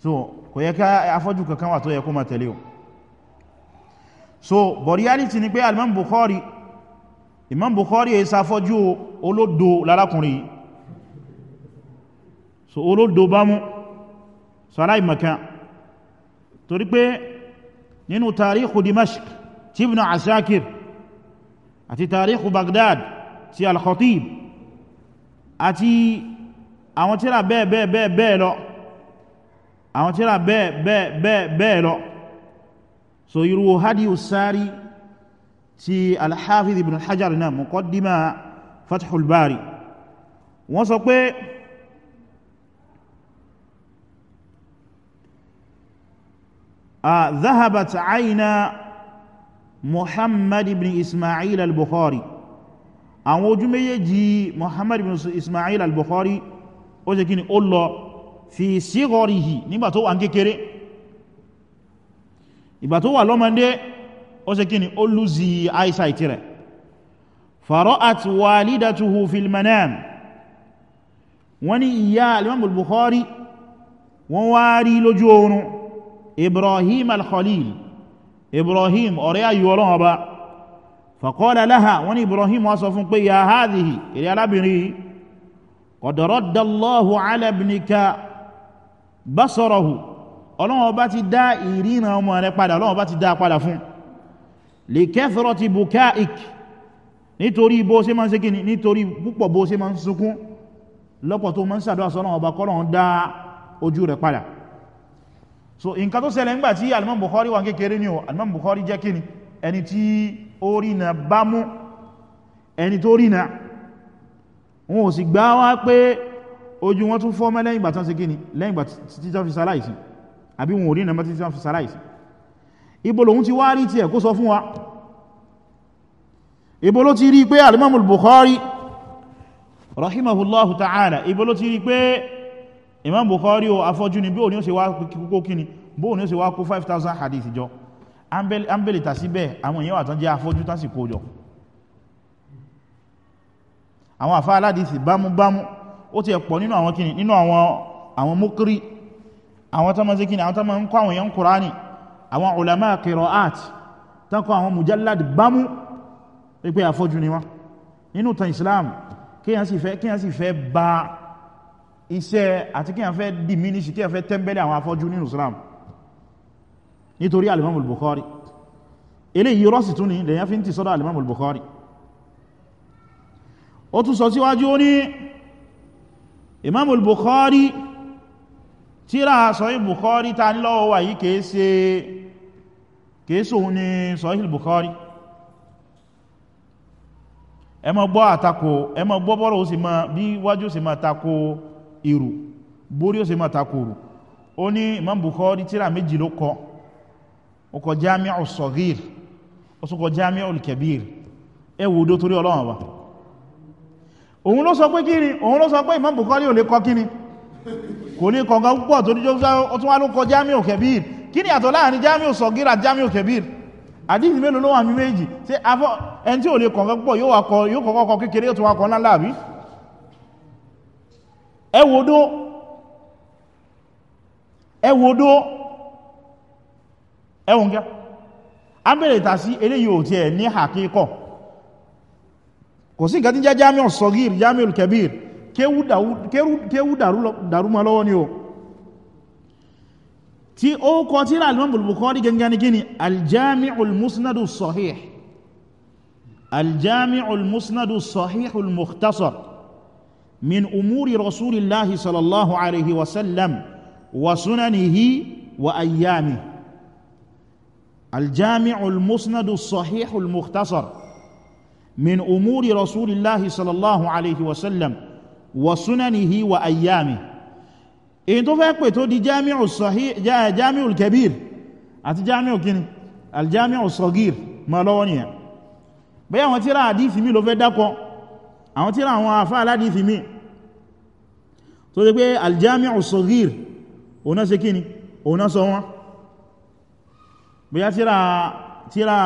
so kò yẹ ká afọ́jú kankan wà tó yẹ kó ma tẹ̀lé o so but reality ni pé Imam Bukhari Imam Bukhari èyí sáfọ́jú olódo lárákùnrin so olódo bá mú so aláìmọ̀kan torí pé nínú tàríkù Dimashq tí Ibn Asakir àti tàríkù Baghdad tí Al-Khatib àti àwọn tíra bẹ́ẹ̀ bẹ́ẹ̀ bẹ́ẹ̀ lọ àwọn tíra bẹ́ẹ̀ bẹ́ẹ̀ bẹ́ẹ̀ bẹ́ẹ̀ lọ so irú hadiyu sari ti alhafiz ibn hajar náà muqaddima fathul bari wọ́n sọ pé a zahabat aina muhammad ibn ismail al-bukhari àwọn ojú méjèèjì muhammad ibn ismail al-bukhari ó ṣe kí ni ó lọ fi sígọ́rìhì nígbà tó wà ń kékeré ìgbà tó wà lọ́mọdé ó ṣe kíni ó lúzi eyesight rẹ̀ fara'at walidatuhu fil manam wọ́n ní ìyá al-Imam al-Bukhari wọ́n wá rí lójú oorun Ibrahim al-Khalil Ibrahim ọ̀rẹ́ ayò ọlọ́run ọba faqala wọ́n Ibrahim wá sọ fún pé ya hadhihi ilẹ̀ alábìnrin qad radda Allahu ala ibnika basarahu ọlọ́run ọba ti dá ìríran ọmọ rẹ padà ọlọ́run ọba ti dá padà fún li kathrati bukaik nítorí bó ṣe máa ń ṣe kíni nítorí púpọ̀ bó ṣe máa ń sunkún lọ́pọ̀ tó máa ń ṣàdúrà sọ́lọ́run ọba kọ́lọ́run dá so nǹkan tó ṣẹlẹ̀ nígbà tí alimam Bukhari wà ni o alimam na bá mú na wọn ò sì gbá ojú wọn tún fọ́mọ́ lẹ́yìn ìgbà tán ṣe kíni lẹ́yìn ìgbà títí fi sàláìsì àbí wọn ò rí nàmọ́ títí fi sàláìsì ibo lòun ti wá rí tiẹ̀ kó sọ fún wa ibo ló ti rí pé alimami Bukhari rahimahullahu ta'ala ibo ló ti rí pé imam Bukhari o afọ́jú ni bóò ní ó ṣe wá kó kíni bóò ní ó ṣe wá kó 5000 hadith jọ ambele tà síbẹ̀ àwọn èèyàn wà tán jẹ́ afọ́jú tásìkò jọ àwọn àfá aládìsì bámúbámú ó ti ẹ̀pọ̀ nínú àwọn kíni nínú àwọn àwọn mọ́kírí àwọn tó máa ṣe kíni àwọn tó máa ń kọ́ àwọn èèyàn kùránì àwọn ulama qira'at tánkọ àwọn mujallad bámú wípé àfọ́jú ni wọ́n nínú tan Islam kíyàn sì fẹ́ kíyàn sì fẹ́ ba iṣẹ́ àti kíyàn fẹ́ diminish kíyàn fẹ́ tẹ́mbẹ́lẹ̀ àwọn àfọ́jú nínú Islam nítorí al-Imam al-Bukhari eléyìí rọ́sì tún ni lèyàn fi ń ti sọ́dọ̀ al-Imam al-Bukhari ó tún sọ síwájú ó ní imam al-bukhari tírà sahih bukhari ta ní lọ́wọ́ wà yí kèése kèése òun ni sahih bukhari ẹ má gbọ́ àtakò ẹ má gbọ́ bọ́rọ̀ ó sì máa bí wájú ó sì máa takò ìrù borí ó sì máa takò ìrù ó imam bukhari tírà méjì ló kọ ó kọ jami'u saghir ó sì kọ jami'u al-kabir ẹ wò ó dó torí ọlọ́run òun ló sọ pé kíni òun ló sọ pé Imam Bukhari ò lè kọ ni kò lè kọ̀ǹgá púpọ̀ tó díjọ́ tó wá ló kọ Jamiu Kabir kíni àtọ̀ láàrin Jamiu Sagira Jamiu Kabir àdíjì mélòó ló wà mí méjì tí afọ́ ẹn tí ò lè kọ̀ǹgá púpọ̀ yóò kọ yóò kọ kékeré tó wá kọ ńlá láàbí ìtàsí eléyìí kò sí nǹkan tí ń jẹ́ jami ọ̀sọ́gìrì jami olùkẹ́bìr kéwú dàrúmọ́ lọ́wọ́ ni o tí ó kọ tí ra al-Imam al-Bukhari gangan ni gini aljami olmusnadu musnadu sahih aljamiu al-musnadu sahih al min umuri rasulillahi sallallahu alaihi wasallam wa sunanihi wa ayyami aljami olmusnadu musnadu sahih al من أمور رسول الله صلى الله عليه وسلم وسننه وأيامه إن تفاق بتو دي جامع الصحيح جامع الكبير أتي جامع كني الجامع الصغير ما لوني بيا وتيرا حديث مي لو في داكو àwọn tíra àwọn àfá aládìí mi tó ti الجامع الصغير saghir òun náà ṣe بيا òun náà tíra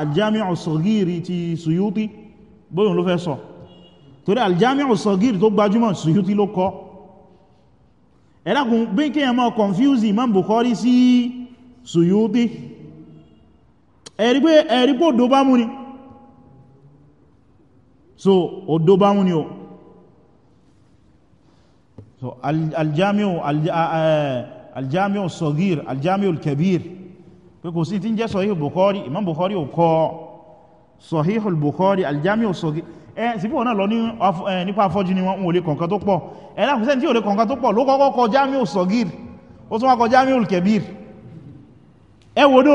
aljami'u sọ̀gírí ti suyuti bóyìn ló fẹ́ sọ torí aljami'u sọ̀gírí tó gbajúmọ̀ suyuti ló kọ ẹ̀dàkùn bí kí ẹmọ́ confuse imam bukhari sí suyuti ẹ̀rí pé òdó ni so òdó bá ni o so aljami'u eh, aljami'u sọ̀gírí aljami'u kabir al pé kò sí tí ń jẹ́ sọ̀híhù bukhari imam bukhari ò kọ sọ̀híhù bukhari aljamiu sọ̀hí ẹ síbí wọn náà lọ nípa afọ́jú ni wọn ò lè kọ̀ǹkan tó pọ̀ ẹ lákùsẹ́ tí ò lè kọ̀ǹkan tó pọ̀ ló kọ́kọ́ kọ jamiu sọ̀gír ó tún wá kọ jamiu kẹbír ẹ wodó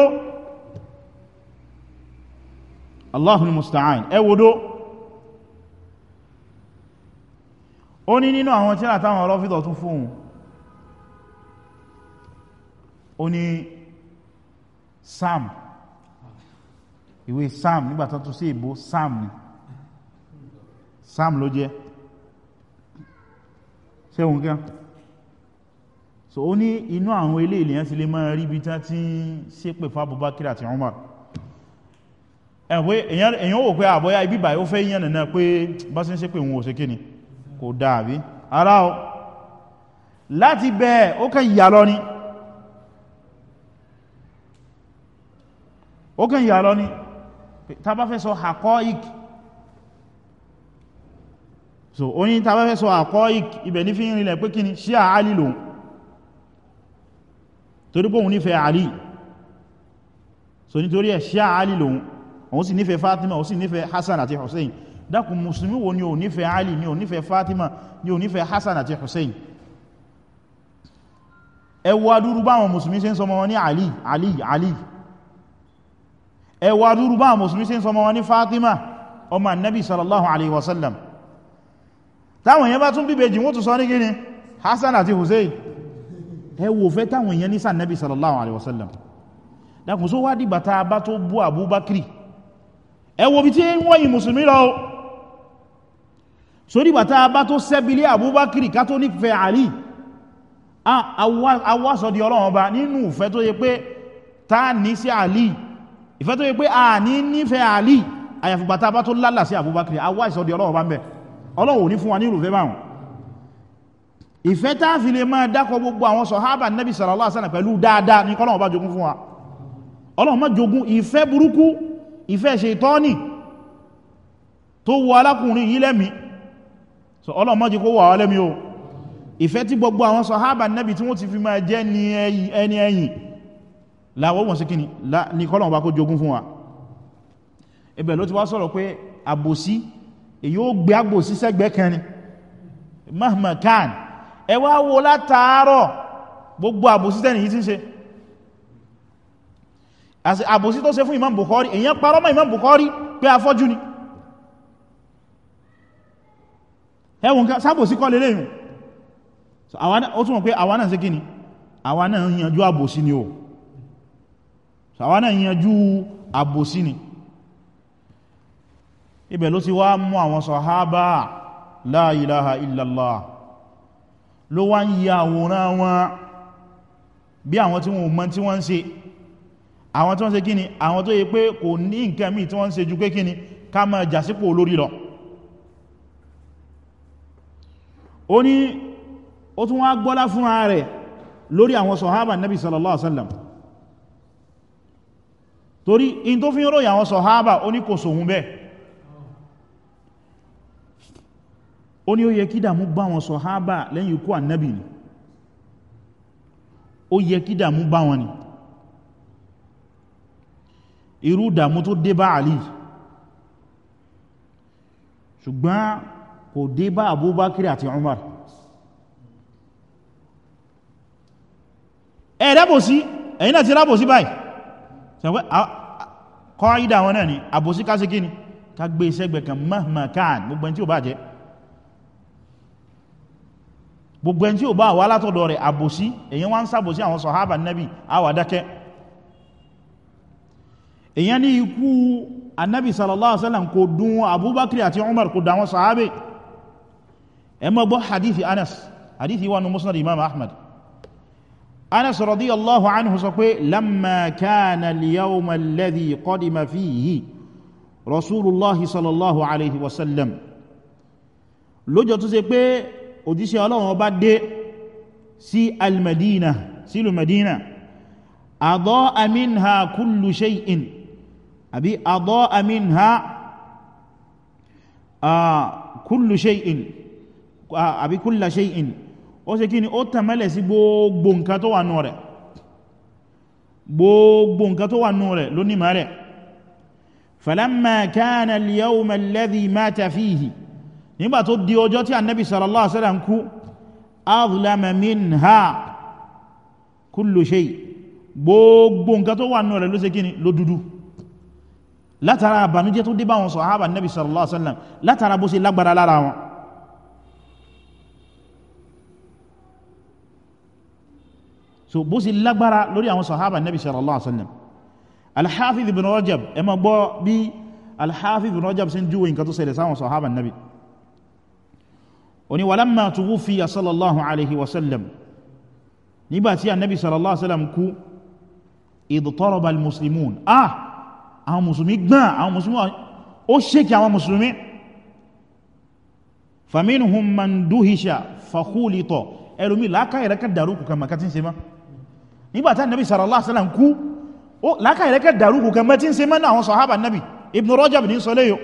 allahul musta'an ẹ wodó ó ní nínú àwọn tíra táwọn ọlọ́fíìtọ̀ tún fóun ó ní sam ìwé sam nígbà tó tún sí ìbò sam ni sam ló jẹ́ ṣé òun so ó ní inú àwọn ilé ìlèyàn sí lè máa rí ibi tán tí ń ṣépè fún Abubakar àti Umar èyàn ò pé àbọ́yá ibi bàí ó fẹ́ yẹn nìna pé bá sí ń ṣépè wọn ò ṣe kíni kò dáa ara ọ láti bẹ́ẹ̀ ó kàn yà lọ ni ó kàn yà lọ ní tàbá fẹ́ sọ hakoik so oní tàbá fẹ́ sọ hakoik ibẹ̀ ní fi ń rinlẹ̀ pé kí ni ṣí àálì lòun torí pé òun nífẹ̀ẹ́ àálì so nítorí ẹ̀ ṣí àálì lòun òun sì nífẹ̀ẹ́ Fatima òun sì nífẹ̀ẹ́ Hassan àti Hussein dákùn musulmi wo ni ò nífẹ̀ẹ́ àálì ni ò nífẹ̀ẹ́ Fatima ni ò nífẹ̀ẹ́ Hassan àti Hussein ẹ adúrú báwọn musulmi ṣe ń sọmọ wọn ní àálì àálì àálì ẹwà dúrú bá mùsùlùmí sí sọmọ wọn ní Fatima ọmọ annabi sallallahu alaihi wasallam táwọn èèyàn bá tún bíbẹ̀ jì wọ́n tún sọ ní gíní Hassan àti Hussein ẹwò fẹ́ táwọn èèyàn ní sàn nabi sallallahu alaihi wasallam dákùn só wá dìgbà tá bá tó bú Abubakri ẹwò bí tí wọ́n yìí mùsùlùmí lọ sórí bàtà abá tó sẹ́bílé Abubakri ká tó nífẹ̀ẹ́ Ali awásọ̀dì ọlọ́run ọba nínú ìfẹ́ tó yẹ pé ta ní sí Ali ìfẹ́ tó yẹ pé a ní nífẹ̀ẹ́ àlì àyàfùgbàtà bá tó lálà sí àbúbákiri awá ìsọdí ọlọ́wọ́ bá ń bẹ̀ ọlọ́wọ́ ní fún wa ní ìrùfẹ́ báwọn ìfẹ́ tá fi lè máa dákọ gbogbo àwọn sọ̀hábà nẹ́bí sallallahu alaihi wasallam pẹ̀lú dáadáa ní kọ́lọ́wọ́ bá jogún fún wa ọlọ́wọ́ má jogún ìfẹ́ burúkú ìfẹ́ ṣètánì tó wọ alákùnrin yìí lẹ́mí so ọlọ́wọ́ má jẹ́ kó wà wá lẹ́mí o ìfẹ́ tí gbogbo àwọn sọ̀hábà nẹ́bí tí wọ́n ti fi máa jẹ́ ni ẹni láwọ́wọ́n sí kíni ní kọ́lọ̀ ọba kó jogún fún wa ibẹ̀ ló ti wá sọ̀rọ̀ pé àbòsí èyí ó gbé àgbòsí sẹ́gbẹ́ kan ni mahma khan ẹ wá wo látàárọ̀ gbogbo àbòsí tẹ́ni yìí ti ń ṣe àbòsí tó ṣe fún Imam Bukhari èyàn parọ́ mọ́ Imam Bukhari pé afọ́jú ni ẹwùn sábòsí kọ́ lélẹ́yìn ó túnmọ̀ pé àwa náà ṣe kíni àwa náà yanjú àbòsí ni o àwọn náà yanjú àbòsí ni ibẹ̀ ló ti wá mú àwọn sọ̀hábà la ilaha illallah ló wá ń ya àwòrán wọn bí àwọn tí wọ́n mọ̀ tí wọ́n ń ṣe àwọn tí wọ́n ṣe kí ni àwọn tó yẹ pé kò ní nǹkan míì tí wọ́n ń ju pé kí ni ká máa jàsípò olórí lọ ó ní ó tún wá gbọ́lá fúnra rẹ̀ lórí àwọn sọ̀hábà nabi sallallahu alaihi wasallam torí in tó fi ń ròyìn àwọn sọ̀hábà ó ní kò sòhun bẹ́ ó ní ó yẹ kí dàmú bá wọn sọ̀hábà lẹ́yìn ikú ànábì ni ó yẹ kí dàmú bá wọn ni irú dàmú tó dé bá Àlì ṣùgbọ́n kò dé bá Abubakar àti Umar ẹ̀ẹ́dàbòsí ẹ̀yìn àti rábòsí báyìí sẹ́wẹ́ kọ́ ìdá wọn náà ni àbòsí ká sí kí ni ká gbé ìṣẹ́gbẹ̀ kan mahma kan gbogbo ẹni tí ó bá jẹ́ gbogbo ẹni tí ó bá wà látọ̀dọ̀ rẹ̀ àbòsí èyàn wá ń sàbòsí àwọn sọ̀hábà nẹ́bì àwà dákẹ́ sallallahu alaihi wasallam kò dùn abubakar àti umar kò dáwọn sọ̀hábà ẹ má hadithi anas hadithi wa nu Muslim imam ahmad انس رضي الله عنه سقوي لما كان اليوم الذي قدم فيه رسول الله صلى الله عليه وسلم لو لوجو تو سي سيبي اوديسي الله اوبا دي سي المدينه سي المدينه اضاء منها كل شيء ابي اضاء منها آه، كل شيء, آه، أبي كل شيء ó ṣe kí ni ó tẹ̀mẹ́lẹ̀ sí gbogbo nǹkan tó wà nù rẹ̀ gbogbo nǹkan tó wà nù rẹ̀ ló ní mẹ́rẹ̀ falamma kana al-yawma alladhi mata fihi nígbà tó di ọjọ́ tí annabi sallallahu alaihi wasallam kú azlama minha kullu shay gbogbo nǹkan tó wà nù rẹ̀ ló ṣe kí ni ló dúdú látara àbànújẹ́ tó dé bá wọn annabi sallallahu alaihi wasallam látara bó ṣe lágbára lára wọn so bó sì lágbára lórí àwọn sahaba nabi sallallahu alaihi wasallam alhafiz ibn rajab ẹ ma gbọ́ bí alhafiz ibn rajab sin juwe nǹkan tó ṣẹlẹ̀ sáwọn sahaba nabi oni walamma tuwufiya sallallahu alaihi wasallam nígbàtí annabi sallallahu alaihi wasallam kú idtaraba almuslimun ah àwọn muslimi gbọ́n àwọn muslimi ó ṣèkì àwọn muslimi faminhum man duhisha fakhulita ẹlòmí lákàyẹ̀rẹ́ kan dàrú kùkàmà kàtí ń ṣe máa nígbàtá nabi sallallahu alaihi wasallam kú ó lákàá ìrẹ́kẹ́ dàrúgbò kan mẹ́tí ń ṣe mẹ́nà àwọn sọ̀hábà nabi ibn rajab ní sọléyò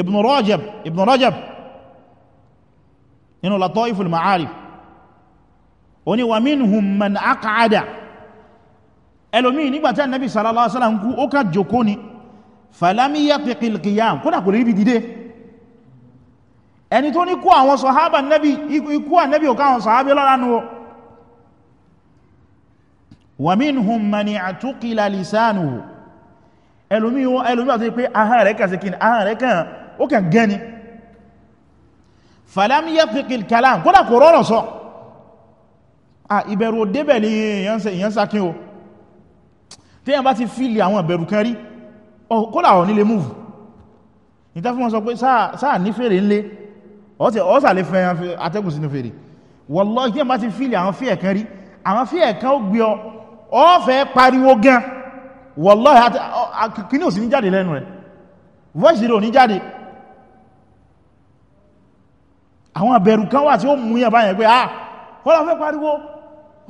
ibn rajab ibn rajab nínú lataiful ma'arif ó ní wa minhum man aq'ada ẹlòmí nígbàtá nabi sallallahu alaihi wasallam kú ó ká jòkó wa minhum man i'tuqila lisanuhu ẹlòmí àti pé ahá rẹ̀ kà sí kí ní ahá rẹ̀ kàn ó kàn gẹni falam yathiqil kalam kódà kò rọ́rọ̀ sọ à ìbẹ̀rù débẹ̀ ní èyàn sákín o tí yàn bá ti fílì àwọn ìbẹ̀rù kan rí kódà ọ̀ nílé múùfù ìta fún wọn sọ pé sáà ní fèrè ńlé ọ́sà lè fẹ́ atẹ́gùn sínú fèrè wallahi tí bá ti fílì àwọn fíẹ̀ kan rí àwọn fíẹ̀ kan ó gbé ọ ó fẹ́ pariwo gan wallahi kí ní ò sí ní jáde lẹ́nu rẹ̀ voice rẹ̀ ò ní jáde àwọn àbẹ̀rù kan wà tí ó mú yàn báyẹ̀ pé ah wọ́n lọ fẹ́ pariwo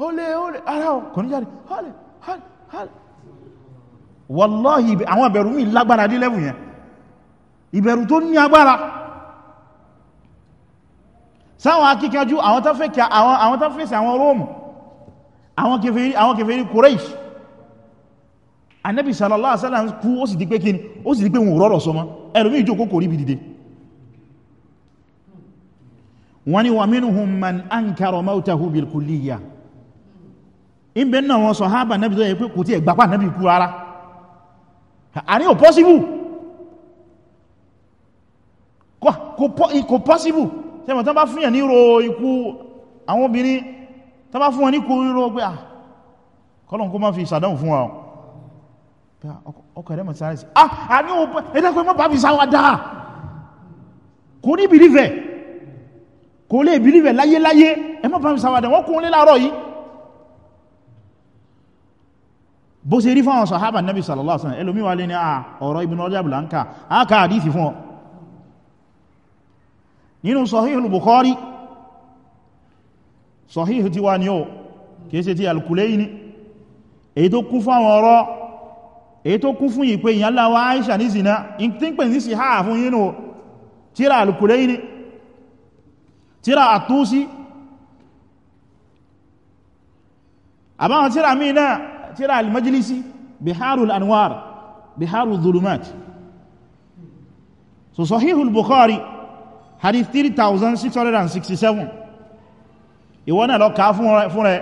olè olè ara ọ̀ kò ní jáde olè olè olè wallahi àwọn àbẹ̀rù mi lágbára dé lẹ́wù yẹn ìbẹ̀rù tó ní agbára sáwọn akíkanjú àwọn tó fẹ́ sí àwọn róòmù àwọn kèfèrí àwọn kèfèrí Quraysh Ànábì sallallahu alaihi wasallam kú ó sì di pé kíni ó sì di pé wọn rọ́rọ̀ sọmọ́ ẹlòmí ìjókòó kò rí bí dìde wọ́n ni wa minhum man ankara mawtahu bil kulliyya ìbẹ̀ náà wọn sàhábà Nábì tó yẹ kò tí ẹgbàpá Nábì kú rárá àní ò pọ́síbù kò pọ́síbù tẹ́mọ̀ tán bá fúnyàn ní ro ikú àwọn obìnrin tó bá fún wọn ní kò ríro pé à ah, kọ́lọ̀n kó má fi ìsàdánwò fún wọn ah, ọkọ̀ ẹ̀rẹ́mọ̀ sáré sí à ah, ní òpó ẹ̀dẹ́kọ̀ ẹmọ́ bàbí sáwà dáa kò ní bìlífẹ̀ kò lè bìlífẹ̀ láyéláyé ẹmọ́ bàbí sáwà dáa wọ́n kún lé láàárọ̀ yìí bó ṣe rí fún àwọn sàhábà nabi sallallahu alaihi wasallam ẹlòmíwà lè ní à ọ̀rọ̀ ibn Rajab là ń ká àdífì fún ọ nínú Sahih al-Bukhari sọ̀híhù ti wá ní ó kìí ṣe ti al-Kulayni èyí tó kún fún àwọn ọ̀rọ̀ èyí tó kún fún ìpé ìyànlá wa Aisha ní zina in tí ń pè ní sí ha fún yínú tíra al-Kulayni tíra àtúsí àbáwọn tíra míì náà tíra al-Majlisi biharul anwar zulumat so sọ̀híhù bukhari hadith 3667 ìwọ náà lọ ká fún rẹ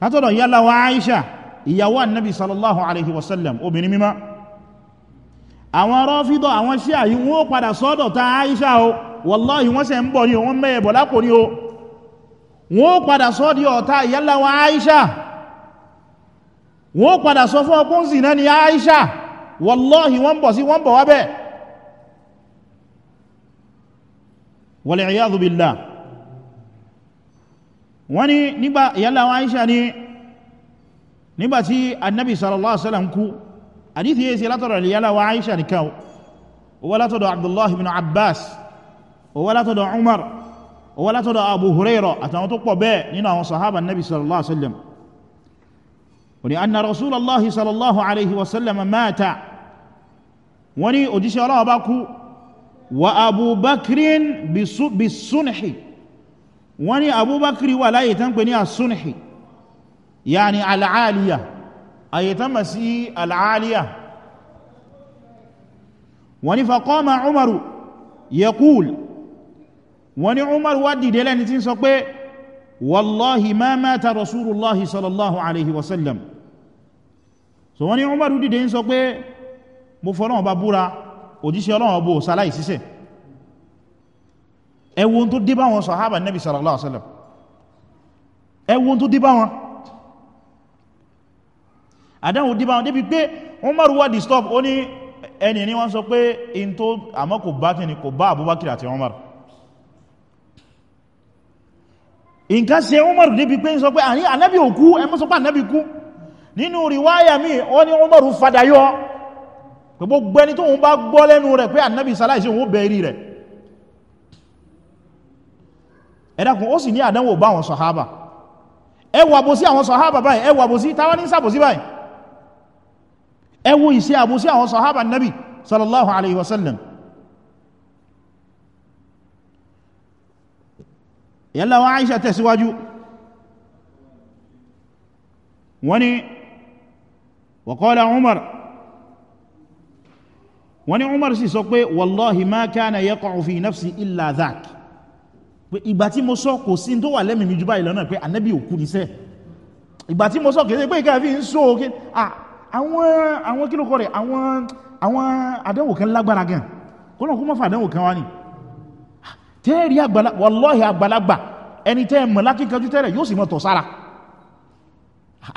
látọ̀dọ̀ yálà wa Aisha ìyàwó annabi sallallahu alaihi wasallam obìnrin mímá àwọn Rafida àwọn Shia yìí wọ́n padà sọ́dọ̀ ta Aisha o wallahi wọ́n ṣe ń bọ̀ ní o wọ́n mẹ́yẹ̀ bọ̀ lápò ní o wọ́n padà sọ́dí ọ̀ta yálà wa Aisha wọ́n padà sọ fún ọkún sí náà ni Aisha wallahi wọ́n bọ̀ sí wọ́n bọ̀ wábẹ̀ wal iyadhu wọ́n ni nígbà ìyálà wọn Aisha ni nígbàtí annabi sallallahu alaihi wasallam kú hadithi yìí sí látọ̀dọ̀ ìyálà wọn Aisha nìkan ó wá látọ̀dọ̀ Abdullah ibn Abbas ó wá látọ̀dọ̀ annabi sallallahu wasallam wọ́n anna rasulallahi sallallahu alaihi wasallam mata wọ́n ni ọlọ́wọ́ bá kú wa Abu Bakrin bisunhi wọ́n ní abubakar wà láyé tán pè ní asúnhì ya ni al'aliya ayé tán ma sí al'aliya wọ́n ní faqama umaru yaqul wọ́n ní umaru wá dìde lẹ́ni tí sọ pé wallahi ma mata rasulullahi sallallahu alaihi wasallam so wọ́n ní umaru dìde ń sọ pé mo fọ́lọ́wọ́ bá búra òjíṣẹ́ Ọlọ́run bó sáláì sísẹ̀ ẹwọ́n tó dé bá wọn sàhábà nẹ́bí sallallahu alaihi wasallam ẹwọ́n tó dé bá wọn àdáwò dé bá wọn débi pé wọ́n mọ́rù wà disturb ó ní ẹni ní wọ́n sọ pé in tó àmọ́ kò bá kíni kò bá Abubakar àti Umar nǹkan ṣe Umar débi pé ń sọ pé àní ànábì òkú ẹmọ́ sọ pé ànábì kú nínú riwaya mi ó ní Umar fadayọ́ pé tó ń bá gbọ́ lẹ́nu rẹ̀ pé ànábì sáláìsí òun ó rẹ̀ ẹ̀dàkùn ó sì ní àdánwò bá àwọn sọ̀hábà ẹwọ àbòsí àwọn sọ̀hábà báyìí ẹwọ àbòsí táwa ní sàbòsí báyìí ẹwọ ìṣẹ́ àbòsí àwọn sọ̀hábà nabi sallallahu alaihi wasallam yalla wa Aisha tẹ̀síwájú wani wa Umar wani Umar sì sọ pé wallahi ma kana yaqa'u fi nafsi illa dhaka pé ìgbà tí mo sọ kò sí tó wà lẹ́mìí mi jù báyìí lọ́nà pé ànábì òkú níṣẹ́ ìgbà tí mo sọ kìí ṣe pé ìkàfí ń sọ òkè àwọn àwọn kí ló kọ́ rẹ̀ àwọn àwọn àdánwò kan lágbára gan kọ́nà kó mọ́fà àdánwò kan wá ní tẹ́ẹ̀rí wàlọ́hì àgbàlagbà ẹni tẹ́ mọ̀ lákíkanjú tẹ́rẹ̀ yóò sì mọ̀ tọ̀ sára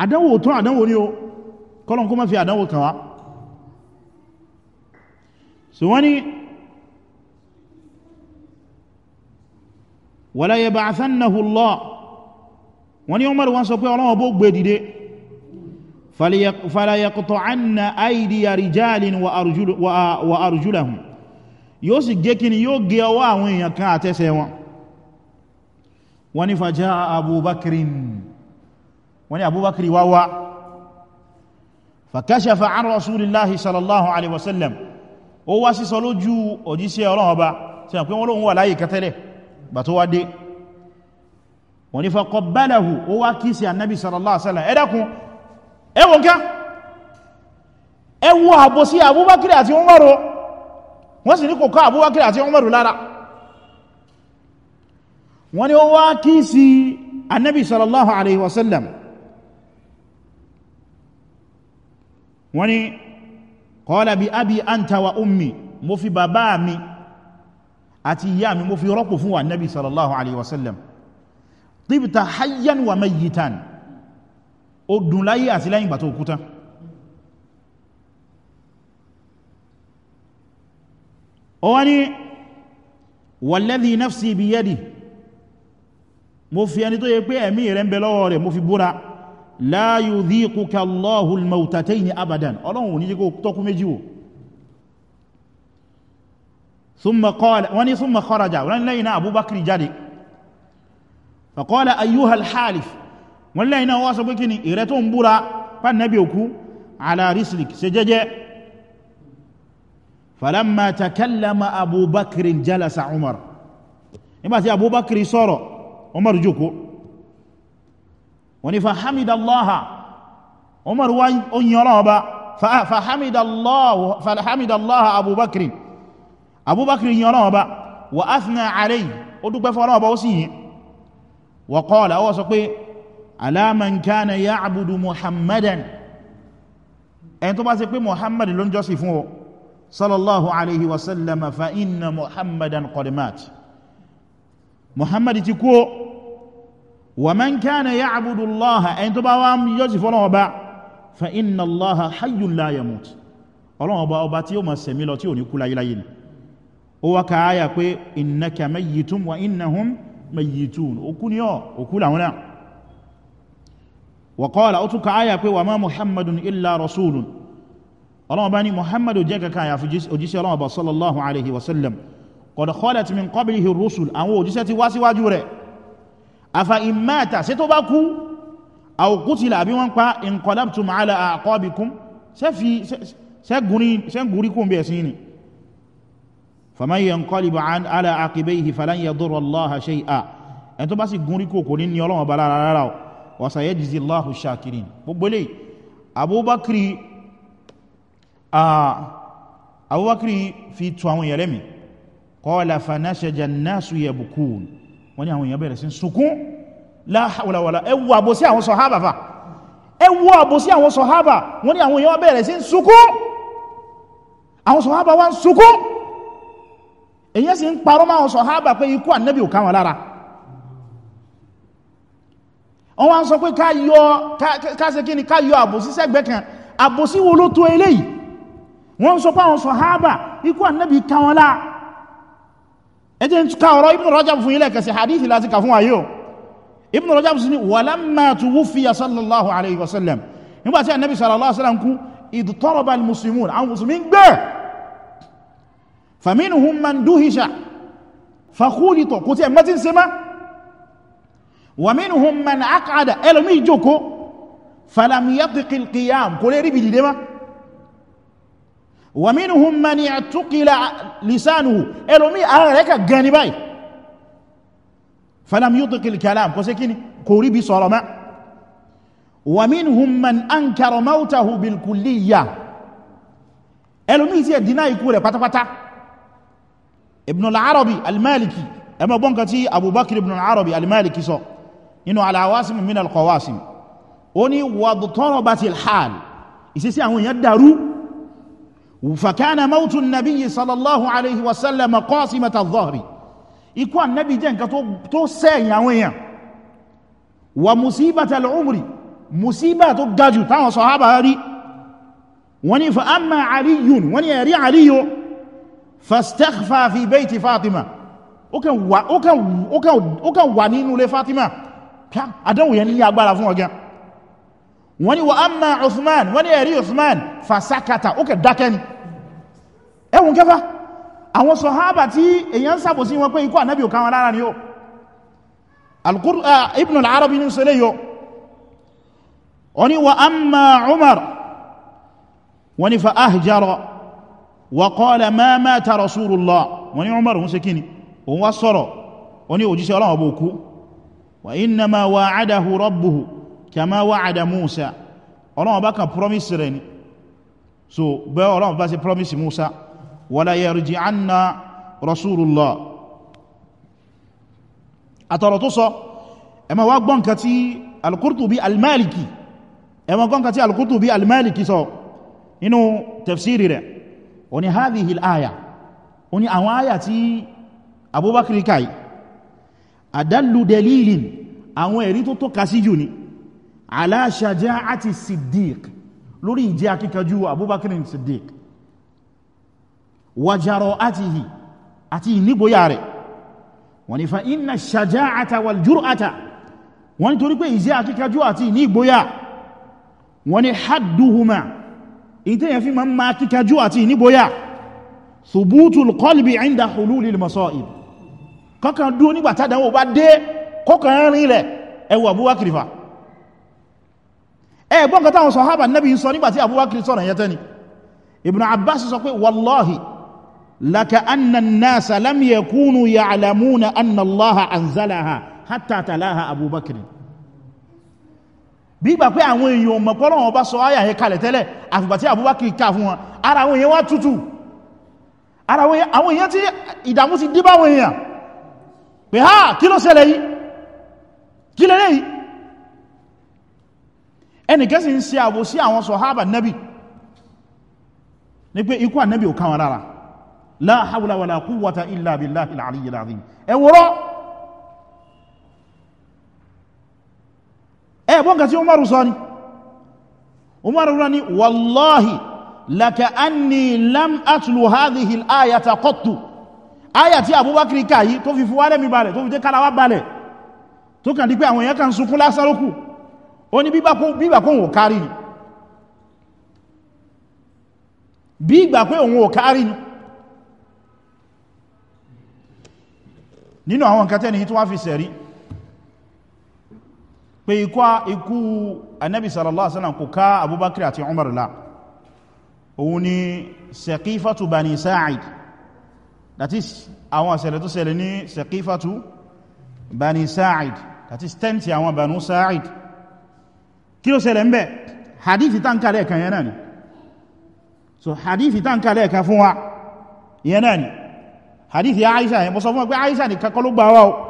àdánwò tán àdánwò ní o kọ́nà kó mọ́fà àdánwò kan wá so wọ́n ni wala yab'athannahu Allah wọ́n ni Umar wọ́n sọ pé Ọlọ́run bó gbé dìde fala yaqta'anna aydiya rijalin wa arjulahum yóò sì gé kíni yóò gé ọwọ́ àwọn èèyàn kan àtẹ́sẹ̀ wọn wọ́n ni fàjá abubakirin wọ́n wá wá fakashafa an rasulillahi gbà tó wá dé wọ́n ní faqabbalahu ó wá kí sí annabi sallallahu alaihi wasallam ẹ̀dàkùn ẹwọ nká ẹwọ àbò sí abúbákiri àti Umaru wọ́n sì ní kò ká abúbákiri àti Umaru lára wọ́n ní ó wá kí sí annabi sallallahu alaihi wasallam wọ́n ní qala bi abi anta wa ummi mo fi bàbá mi àti ìyá mi mo fi rọ́pò fún wa nabi sallallahu alaihi wasallam tibta hayyan wa mayyitan ó dùn láyé àti lẹ́yìn gbàtọ̀ òkúta ó wá ní walladhi nafsi biyadi mo fi ẹni tó yẹ pé ẹ̀mí rẹ̀ ń bẹ lọ́wọ́ rẹ̀ mo fi búra la yudhiquka Allahul mawtatayni abadan ọlọ́run ò ní jẹ́ kó tọ́kú méjì wò ثم قال وني ثم خرج ولينا أبو بكر جدي فقال أيها الحالف ولينا واسبكني إرتون برا فالنبيكو على رسلك سجج فلما تكلم أبو بكر جلس عمر إما أبو بكر صار عمر جوكو وني فحمد الله عمر وان يرابا فحمد الله فحمد الله أبو بكر abubakar yin ọlọ́wọ́ ba wa athna alayhi ó dúpẹ́ fún ọlọ́wọ́ ba ó sì yìn wa qala ó sọ pé ala man kana ya'budu muhammadan ẹni tó bá ṣe pé muhammad ló ń jọ́sìn fún ọ sallallahu alayhi wa sallam fa inna muhammadan qad mat muhammad ti kú wa man kana ya'budu allaha ẹni tó bá wá ń jọ́sìn fún ọlọ́wọ́ ba fa inna allaha hayyun la yamut ọlọ́wọ́ ba ọba tí ó ma sẹ̀mí lọ tí ò ní kú láyé láyé ni ó wá ka àyà pé innaka mayyitun wa innahum mayyitun òkú ni ọ́ òkú làwọn náà wa qala ó tún ka àyà pé wa ma muhammadun illa rasulun ọlọ́wọ́ bá ní muhammadu jẹ́ kankan àyàfi òjíṣẹ́ ọlọ́wọ́ bá sallallahu alaihi wasallam qad khalat min qablihi rusul àwọn òjíṣẹ́ ti wá síwájú rẹ̀ afa imata ṣe tó bá kú aw qutila àbí wọ́n pa inqalabtum ala aqabikum sẹ́gùrí kún bí ẹ̀sìn ni faman yanqalib ala aqibayhi falan yadurra Allaha shay'a ẹni tó bá sì gún rí kòkò ní ní ọlọ́wọ̀n bala rárá o wa sayajzi Allahu shakirin gbogbo lè abúbákiri abúbákiri fi tu àwọn èèyàn lẹ́mìí qala fanashaja an-nasu yabkun wọ́n ní àwọn èèyàn bẹ̀rẹ̀ sí sunkún la hawla wala ẹ wo àbòsí àwọn sàhábà fà ẹ wo àbòsí àwọn sàhábà wọ́n ní àwọn èèyàn bẹ̀rẹ̀ sí sunkún àwọn sàhábà wá ń sunkún èyí sì ń parọ́ máa sọ hábà pé ikú ànẹ́bì ò káwọn lára wọ́n wá ń sọ pé káṣe kí ni ká yọ àbòsí sẹ́gbẹ́ kan àbòsí wo ló tó eléyìí wọ́n ń sọ pé àwọn sọ hábà ikú ànẹ́bì káwọn lára ẹjẹ́ ń túká ọ̀rọ̀ Ibn Rajab fún ilẹ̀ kẹsì hadithi láti kà fún ayé Ibn Rajab sí ni walamma tuwuffiya sallallahu alaihi wasallam nígbàtí ànẹ́bì sallallahu alaihi wasallam kú idh taraba فمنهم من دهش فخلط قلت ما تنسما ومنهم من أقعد ألمي جوكو فلم يطق القيام قل ربي لما ومنهم من اعتقل لسانه ألمي أهلك باي فلم يطق الكلام قل سيكيني قريبي صرما ومنهم من أنكر موته بالكلية ألمي زي ديناي كوري بطا بطا ibn al-arabi al-maliki ẹ máa gbọ́ nǹkan tí abubakar ibn al-arabi al-maliki sọ nínú alawasim min al-qawasim ó ní wadtarabati al-hal ìsẹ́sí àwọn èèyàn dàrú fakana mautu nabi sallallahu alaihi wasallam qasimata adh-dhahri ikú annabi jẹ́ nǹkan tó sẹ́yìn àwọn èèyàn wa musibata al fa amma aliyun wọ́n ní ẹ̀rí aliyo fastaghfa fi bayti fatima ó kàn wà nínú ilé fatima àdánwò yẹn ní agbára fún ọgá wọ́n ni wa amma usman wọ́n ni ẹ̀rí usman fasakata ó kẹ dákẹ́ ni ẹwùn kẹfà àwọn sọ̀hábà tí èyàn sàbò sí wọn pé ikú ànábì ò káwọn lára ni ó ibn arabi ní sọlẹ̀ yóò wọ́n ni wa amma umar wọ́n ni fa ahjara wàkọ́ọ̀lẹ̀ mẹ́mẹ́ ta rasulullah wọ́n ní Umar wọ́n ṣe kíni òun wá sọ̀rọ̀ wọ́n ní òjíṣẹ́ Ọlọ́run ọba òkú wà iná ma wà ádáhù rabbuhu kama wà ádá Musa Ọlọ́run bá kan promise rẹ̀ ni so bẹ́ Ọlọ́run bá ṣe promise Musa wala yarji anna rasulullah àtọ̀rọ̀ tó sọ ẹ ma wá gbọ́n ka ti al-Qurtubi al-Maliki ẹ ma gbọ́n ka ti al sọ nínú tafsiri rẹ̀ ó ní hadhihi al-aya ó ní àwọn aya tí abubakar kai adallu dalilin àwọn ẹ̀rí tó tọ́ka sí jù ni ala shaja'ati siddiq lórí ìjẹ́ akíkanjú abubakar siddiq wa jara'atihi àti ìnígbóyà rẹ̀ wọ́n ní fa inna shaja'ata wal jur'ata wọ́n ní torí pé ìjẹ́ akíkanjú àti ìnígbóyà wọ́n ní hadduhuma ìtẹ́yàn fi ma ń máa kíkájú àti ìníbóyà thubutul qalbi 'inda hululil masa'ib kọ́kàn dúó nígbà tádàwò bá dé kọ́kàn rìn rẹ̀ ẹwọ Abubakar fa ẹgbọ́n kan táwọn sọ̀hábà Nabi sọ nígbà tí Abubakar sọ̀rọ̀ yẹ tẹ́ni Ibn Abbas sọ pé wallahi laka anna an-nasa lam yakunu ya'lamuna anna Allaha anzalaha hatta talaha Abubakar bí ìgbà pé àwọn èèyàn mọ̀ pé Ọlọ́run bá sọ ayà yẹn kalẹ̀ tẹ́lẹ̀ àfìgbà tí Abubakar ká fún wọn ara àwọn èèyàn wá tútù ara àwọn èèyàn tí ìdàmú ti dé báwọn èèyàn pé ha kí ló ṣẹlẹ̀ yìí kí lẹ́lẹ́ yìí ẹnìkẹ́ sì ń ṣe àbò sí àwọn sọ̀hábà nẹ́bì ní pé ikú ànẹ́bì ò káwọn rárá la hawla wala quwwata illa billahi ẹ̀gbọ́n kan tí umaru sọ ni umaru rọ ni wallahi laka anni lam atlu hadhihi al-ayata qattu ayati abubakar kayi tó fi fuwa lẹ́mi balẹ̀ tó fi jẹ́ kalawa balẹ̀ tó kàn di pé àwọn èèyàn kan sunkún lásán lókù ó ní bíbà kó òun ò kárí ni bí ìgbà pé òun ò kárí ni nínú àwọn nǹkan tẹ́ni tó wá fi sẹ̀rí pé ikú anabi sallallahu alaihi wasallam kò ká abubakar àti umar la òun ni saqifatu bani sa'id that is àwọn àṣẹlẹ̀ tó ṣẹlẹ̀ ní saqifatu bani sa'id that is tẹ́ntì àwọn banu sa'id kí ló ṣẹlẹ̀ ń bẹ hadithi tán kàlẹ̀ kan ni so hadithi tán kàlẹ̀ kan fún wa yẹn náà ni hadithi aisha yẹn bọ́ sọ fún wa pé aisha ni kakọlù gbà wa o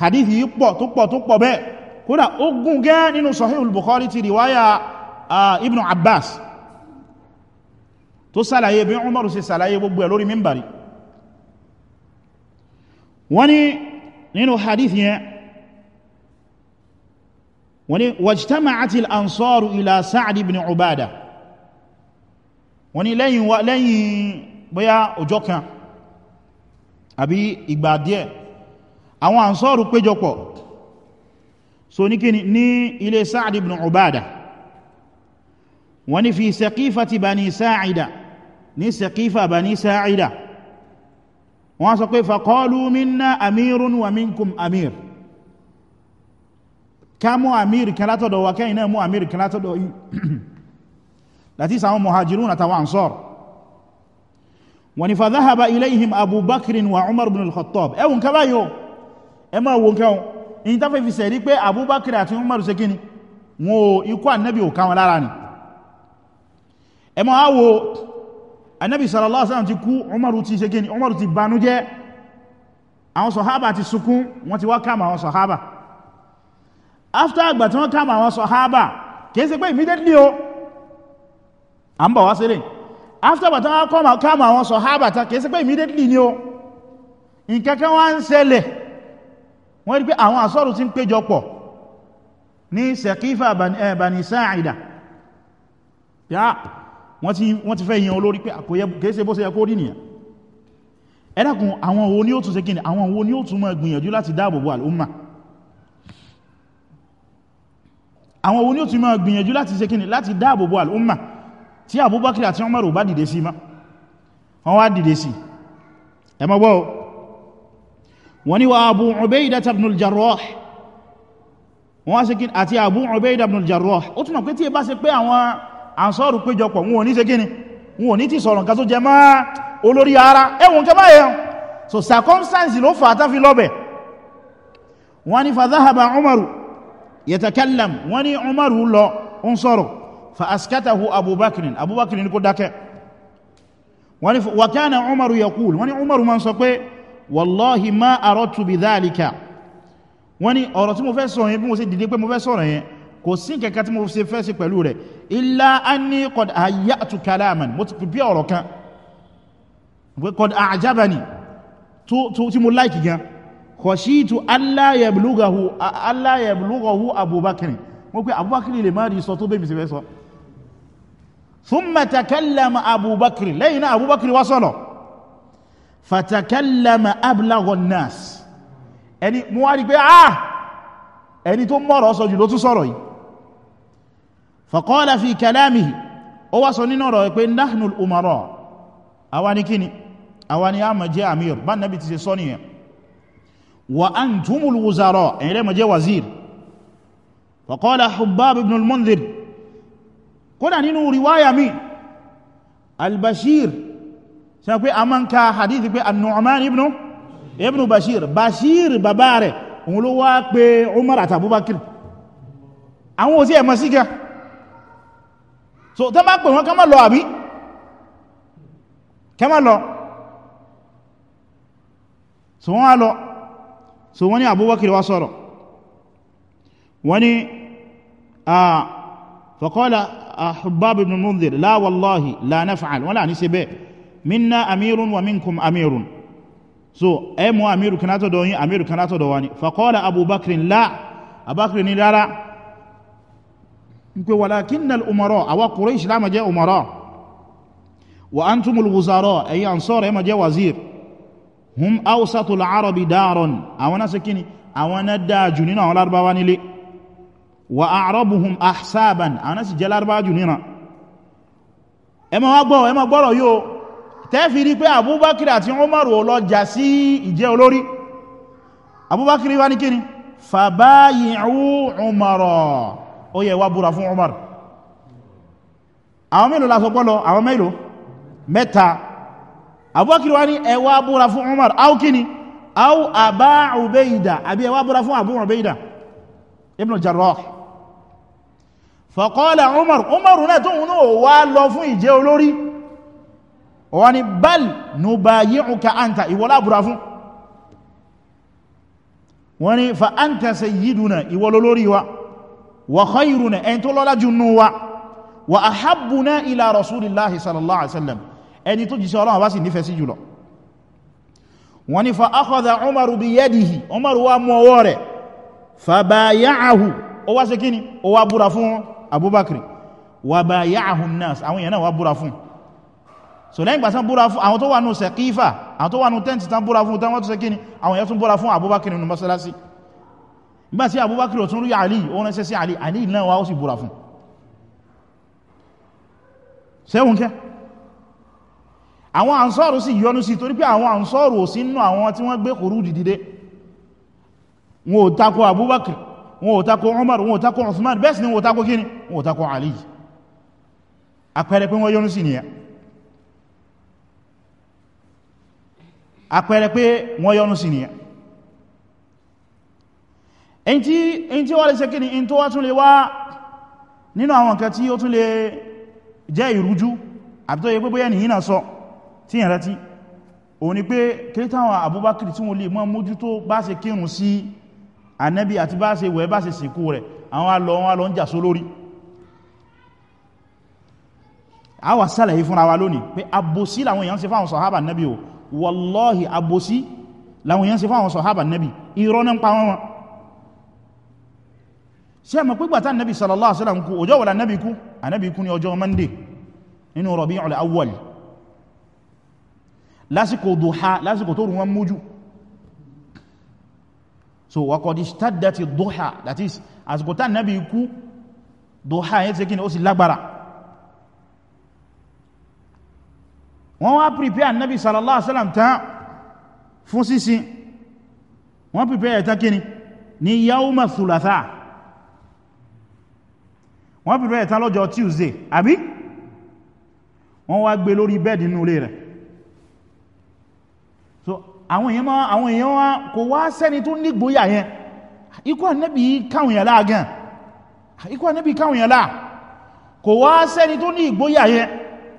hadith yìí pọ̀ tó pọ̀ tó pọ̀ bẹ́ẹ̀ kódà ó gùn gẹ́ nínú sahih al-bukhari ti riwaya ibn abbas tó sàlàyé bí umaru sí sàlàyé gbogbo ẹ̀ lórí mímbàrí wọ́n ni nínú hadith yẹn wọ́n ni wajtama'ati al-ansaru ila sa'ad ibn ubada wọ́n ni lẹ́yìn bóyá ọjọ́ kan àbí ìgbà díẹ̀ àwọn ansọ́rù péjọpọ̀ so ní kíni ní ilé Sa'd ibn Ubada wọ́n ní fi Saqifati Bani Sa'ida ní Saqifa Bani Sa'ida wọ́n sọ pé faqalu minna amirun wa minkum amir ká mú amir kan látọ̀dọ̀ wa kẹ́yìn náà mú amir kan látọ̀dọ̀ yìí láti sàwọn muhajirun àtàwọn ansọ́rù wọ́n ní fa dhahaba ilayhim Abu Bakrin wa Umar ibn al-Khattab ẹwùn ká báyìí ẹ máa wo nǹkan in tafẹ́ fi sẹ̀rí pé Abubakar àti Umaru ṣe kíni wọn ò ikú annabi ò káwọn lára ni ẹ máa wo annabi sallallahu alaihi wasallam ti kú Umaru ti ṣe kíni Umaru ti banújẹ́ àwọn sọ̀hábà ti sunkún wọ́n ti wá kàmà àwọn sọ̀hábà after àgbà tí wọ́n kàmà àwọn sọ̀hábà kìí ṣe pé immediately o a ń bọ̀ wá sílẹ̀ after àgbà tí wọ́n kàmà àwọn sọ̀hábà kìí ṣe pé immediately ni o nǹkankan wá ń ṣẹlẹ̀ wọ́n rí pé àwọn asọ́rù tí ń péjọpọ̀ ní sẹ̀kífà bani eh, sáàìdà yá wọ́n ti fẹ́ yẹn olórí pé kèése bó ṣe yẹ kó rí nìyàn ẹ̀dàkùn àwọn owó ní ó tún ṣe kíni àwọn owó ní ó tún máa gbìyànjú láti dáàbòbò al'umma àwọn owó ní ó tún máa gbìyànjú láti ṣe kíni láti dáàbòbò al'umma tí Abubakar àti Umaru bá dìde sí ma wọ́n wá dìde sí ẹmọ́gbọ́ wọ́n ni wa abu ubaida ibn al-jarrah wọ́n ṣe kíni àti abu ubaida ibn al-jarrah ó túnmọ̀ pé tí ẹ bá ṣe pé àwọn ansọ́rù péjọpọ̀ so circumstance ló fà tá fi lọ́bẹ̀ wọ́n ni fa dhahaba umaru yatakallam wọ́n ni umaru lọ ń sọ̀rọ̀ fa askatahu abubakrin abubakrin kó dákẹ́ wọ́n ni wa kana umaru yaqul wọ́n ni umaru ma ń sọ pé wallahi ma arọ́tù bí dhalika wọ́n ni ọ̀rọ̀ tí mo fẹ́ sọ yẹn bí mo ṣe dìde pé mo fẹ́ sọ̀rọ̀ yẹn kò sí kẹ̀kẹ́ tí mo ṣe fẹ́ sí pẹ̀lú rẹ̀ illa anni qad hayatu kalaman mo ti pípẹ́ ọ̀rọ̀ kan pé qad a'jabani tí mo láìkì gan khashitu alla yablughahu alla yablughahu abubakar mo pé abubakar lè má rí sọ tó bẹ́ẹ̀ mi fẹ́ sọ thumma takallama abubakar lẹ́yìn náà abubakar wá sọ̀rọ̀ fatakallama ablaghun nas ẹni mú wá rí pé ah ẹni tó mọ́rọ̀ sọ jù ló tún sọ̀rọ̀ yìí faqala fi kalamihi ó wá sọ nínú ọ̀rọ̀ pé nahnul umara àwa ni kíni àwa jẹ́ amir bá nábi ti ṣe sọ nìyẹn wa antumul wuzara ẹ̀yin lẹ ṣe pé a máa ń ka hadithi pé annu'man ibn ibn bashir bashir bàbá rẹ̀ òun ló wá pé umar àti abubakir àwọn òsì ẹ̀mọ̀ síga so tó máa pè wọn ká máa lọ àbí ká máa lọ so wọ́n á lọ so wọ́n ni abubakir wá sọ̀rọ̀ wọ́n ni ah, faqala ahbab ibn mundhir la wallahi la naf'al wọ́n minna amirun wa minkum amirun so ẹ mú amiru kan látọ̀dọ̀ yín amiru kan látọ̀dọ̀ wa ni faqala abubakar la abubakar ni rárá n pe walakin nal umara àwa quraish la ma jẹ́ umara wa antumul wuzara ẹ̀yin ansar ẹ ma jẹ́ wazir hum awsatul arabi daron àwọn náà sikini àwọn náà dájú nínú àwọn lárúbáwá nílé wa a'rabuhum ahsaban àwọn náà sì jẹ́ lárúbáwá jù nínú gbọ́rọ̀ yóò tẹ́fì rí pé abúbákiri àti Umar ò lọ jà sí ìjẹ́ olórí abúbákiri wá ní kíni fàbáyìí Umar ó yẹ wá búra fún Umar àwọn mélòó lásọ pọ́lọ àwọn mélòó mẹ́ta abúbákiri wá ní ẹ wá búra fún Umar áwú kíni áwú àbá Ubayda àbí ẹ búra fún Abu Ubayda ibn Jarrah faqala Umar Umar náà tó ń wá lọ fún ìjẹ́ olórí wọ́n ni bal nubayi'uka anta ìwọ́lá búra fún wọ́n ni fa anta sayyiduna ìwọ́lọ́ lórí wa wa khayruna ẹni tó lọ́lá jù nú wa wa ahabbuna ila rasulillahi sallallahu alaihi wasallam ẹni tó jíṣẹ́ sí jùlọ so lẹ́yìn gbàtán búra fún àwọn tó wà ní sẹ̀kífà àwọn tó wà ní tẹ́ntì tán búra fún tánwọ́ tó sẹ́kí ni àwọn yẹ́ tún búra fún Abubakar nínú mọ́sálásí nígbàtí Abubakar ò tún rí Àlì ó ránṣẹ́ sí Àlì Àlì náà wá ó sì búra fún sẹ́wùnkẹ́ àwọn ansọ́rù sì yọnu sí torí pé àwọn ansọ́rù ò sí nínú àwọn tí wọ́n gbé kòrú dìde wọn ò takò Abubakar wọn ò takò Umar wọn ò takò Uthman bẹ́ẹ̀ sì ni wọn ò takò kíni wọn ò takò Àlì àpẹẹrẹ pé wọ́n yọnu sí nìyẹn àpẹẹrẹ pé wọ́n yọ́nú sí nìyà èyí tí èyí tí wọ́n lè ṣe kíni in tó wá tún lè wá nínú àwọn nǹkan tí ó tún lè jẹ́ ìrújú àbí tó yẹ pé bóyá nìyí náà sọ tí yẹn rántí òun ni pé kí táwọn Abubakar tí wọ́n lè mọ́ mójútó bá ṣe kírun sí Ànábì àti bá ṣe wẹ̀ bá ṣe sìnkú rẹ̀ àwọn alọ́ wọn alọ́ ń jà só lórí a wà sálàyé fúnra wa lónìí pé àbòsí làwọn èèyàn ṣe fáwọn sàhábà Ànábì o wallahi àbòsí láwọn èèyàn ṣe fáwọn sọ̀hábà nẹ́bì irọ́ ní pa wọn ṣe mọ̀ pígbà tá nẹ́bì sallallahu alaihi wasallam kú ọjọ́ wọ́la nẹ́bì kú ànẹ́bì kú ní ọjọ́ monday nínú so waqad ishtaddat ad that is àsìkò tá nẹ́bì kú duha yẹ́ ti wọ́n wá prepare annabi sallallahu alaihi wasallam tán fún sísí wọ́n prepare ẹ̀tán kíni ní yawma thulatha wọ́n prepare ẹ̀tán lọ́jọ́ tuesday àbí wọ́n wá gbé lórí bẹ́ẹ̀dì inú ilé rẹ̀ so àwọn èèyàn máa àwọn èèyàn wá kò wá sẹ́ni tó nígbóyà yẹn ikú annabi káwọn yẹn láà gan ikú annabi káwọn yẹn láà kò wá sẹ́ni tó ní yẹn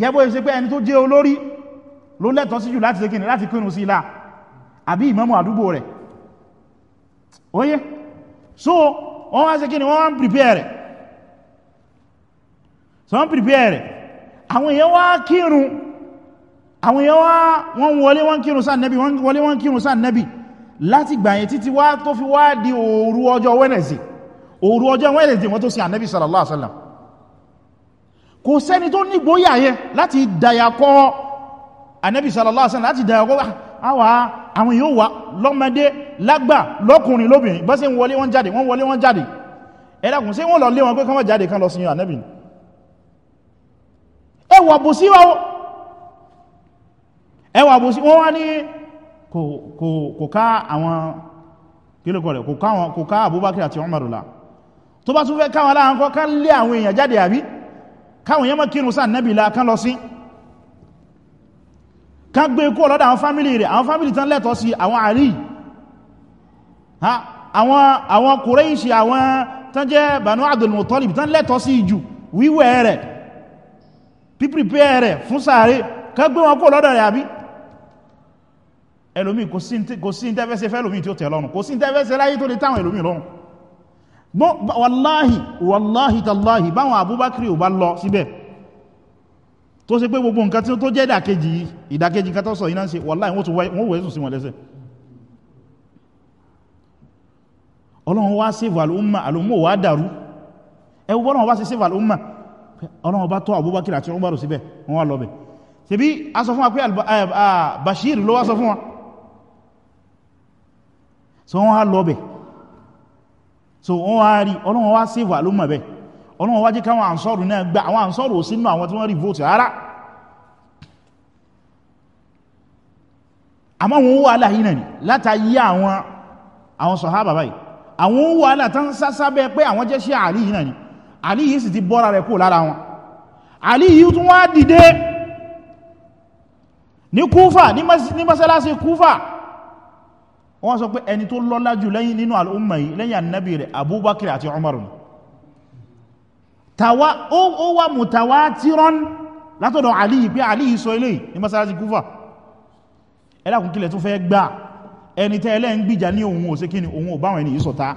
gẹ́gbọ́ ìṣe pé ẹni tó jẹ́ olórí ló lẹ́tọ̀ọ́ sí jù láti ṣe kìnnì láti kírun sí ilá àbí ìmámù àdúgbò rẹ̀ oye so wọ́n wá ṣe kìnnì wọ́n wá ń prepare rẹ̀ so wọ́n prepare rẹ̀ àwọn èèyàn wá kírun àwọn èèyàn wá wọ́n wọlé wọ́n kírun sáà nẹ́bì wọ́n wọlé wọ́n kírun sáà nẹ́bì láti gbàyẹn títí wá tó fi wá di òru ọjọ́ Wednesday òru ọjọ́ Wednesday wọ́n tó sí ànẹ́bì sallallahu alaihi wasallam kò sẹ́ni tó ní gbóyà yẹ láti dàyàkọ́ ànábì sallallahu alaihi wasallam láti dàyàkọ́ àwà àwọn yóò wà lọ́mọdé lágbà lọ́kùnrin lóbìnrin bọ́ sí wọlé wọ́n jáde wọ́n wọlé wọ́n jáde ẹ̀dàkùn sí wọ́n lọ lé wọn pé kọ́mọ̀ jáde kan lọ sí ànábì ẹwà bù sí wọ́n wọ́n ní Umarula tó bá tún fẹ́ káwọn láàrín kọ́ ká káwọn yẹn mọ́ kírun sáà nẹ́bì la kán lọ sí ká gbé kú ọ̀lọ́dọ̀ àwọn fámílì rẹ̀ àwọn fámílì tán lẹ́tọ̀ sí àwọn àrí àwọn Kùrẹ́ṣì àwọn tán jẹ́ Banu Abdul Muttalib tán lẹ́tọ̀ sí ìjù wíwẹ̀ rẹ̀ pípìpẹ́ rẹ̀ fún sàárè ká gbé wọn kú ọ̀lọ́dọ̀ rẹ̀ àbí ẹlòmí kò sí ní tẹ́fẹ́sẹ́ fẹ́lòmí tí ó tẹ̀ lọ́rùn kò sí ní tẹ́fẹ́sẹ́ láyé tó lè táwọn ẹlòmí lọ́rùn wàláhì wàláhì tàláhì báwọn àbúbákiri ò bá lọ síbẹ̀ tó ṣe pé gbogbo nǹkan tí ó tó jẹ́ ìdàkejì ìdàkejì kan tó sọ iná ṣe wàláhì wọ́n wẹ́sùn sí wọn lẹ́sẹ̀ ọlọ́run wá save al'umma al'umma wà dàrú ẹwọ́ ọlọ́run wá sí save al'umma ọlọ́run bá tọ́ àbúbákiri àti ọmọrù síbẹ̀ wọ́n wá lọ bẹ̀ ṣe so wọ́n wá rí ọlọ́wọ́n wá save wà ló mọ̀ bẹ́ ọlọ́wọ́n wá jẹ́ káwọn àǹsọ́rù náà gba àwọn àǹsọ́rù ò sínú àwọn tí wọ́n rí vote rárá àmọ́ wọn wà láàáyí náà ni látàyí àwọn àwọn sọ̀hábà báyìí àwọn wà látàn sásábẹ́ pé àwọn jẹ́ sí àrí yìí náà ni àrí yìí sì ti bọ́ra rẹ̀ kú lára wọn àrí yìí tún wá dìde ní kúfà ní mọ́sálásí kúfà wọ́n sọ pé ẹni tó lọ́lá jù lẹ́yìn nínú al'umma yìí lẹ́yìn annabi rẹ̀ abubakar àti umaru tàwa ó wà mutawatiran látọ̀dọ̀ aliyu pé aliyu sọ ilé ní masáraji kúfà ẹlákùn tó fẹ́ gbà ẹni tẹ́ ẹlẹ́ ń gbìjà ní ohun òsè ohun ò ẹni ìsọ̀ta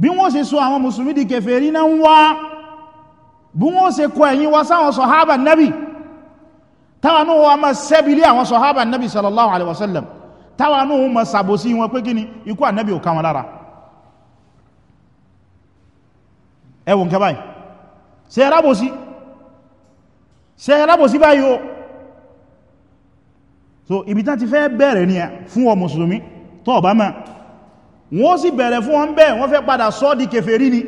bí wọ́n ṣe sọ àwọn mùsùlùmí di kèfèrí náà ń wá bí wọ́n ṣe kọ ẹ̀yìn wa sáwọn sọ̀hábà nábì táwọn náà wọ́n máa sẹ́bílé àwọn sọ̀hábà nábì sallallahu alaihi wasallam táwọn náà wọ́n máa sàbòsí wọn pé kíni ikú ànábì ò ká wọn lára ẹwù nǹkan báyìí ṣe rábòsí ṣe rábòsí báyìí o so ibi tán ti fẹ́ bẹ̀rẹ̀ ni fún ọ mùsùlùmí tó ọ̀bá máa wọ́n sì bẹ̀rẹ̀ fún wọn bẹ́ẹ̀ wọ́n fẹ́ padà sọ́ di kèfèrí ni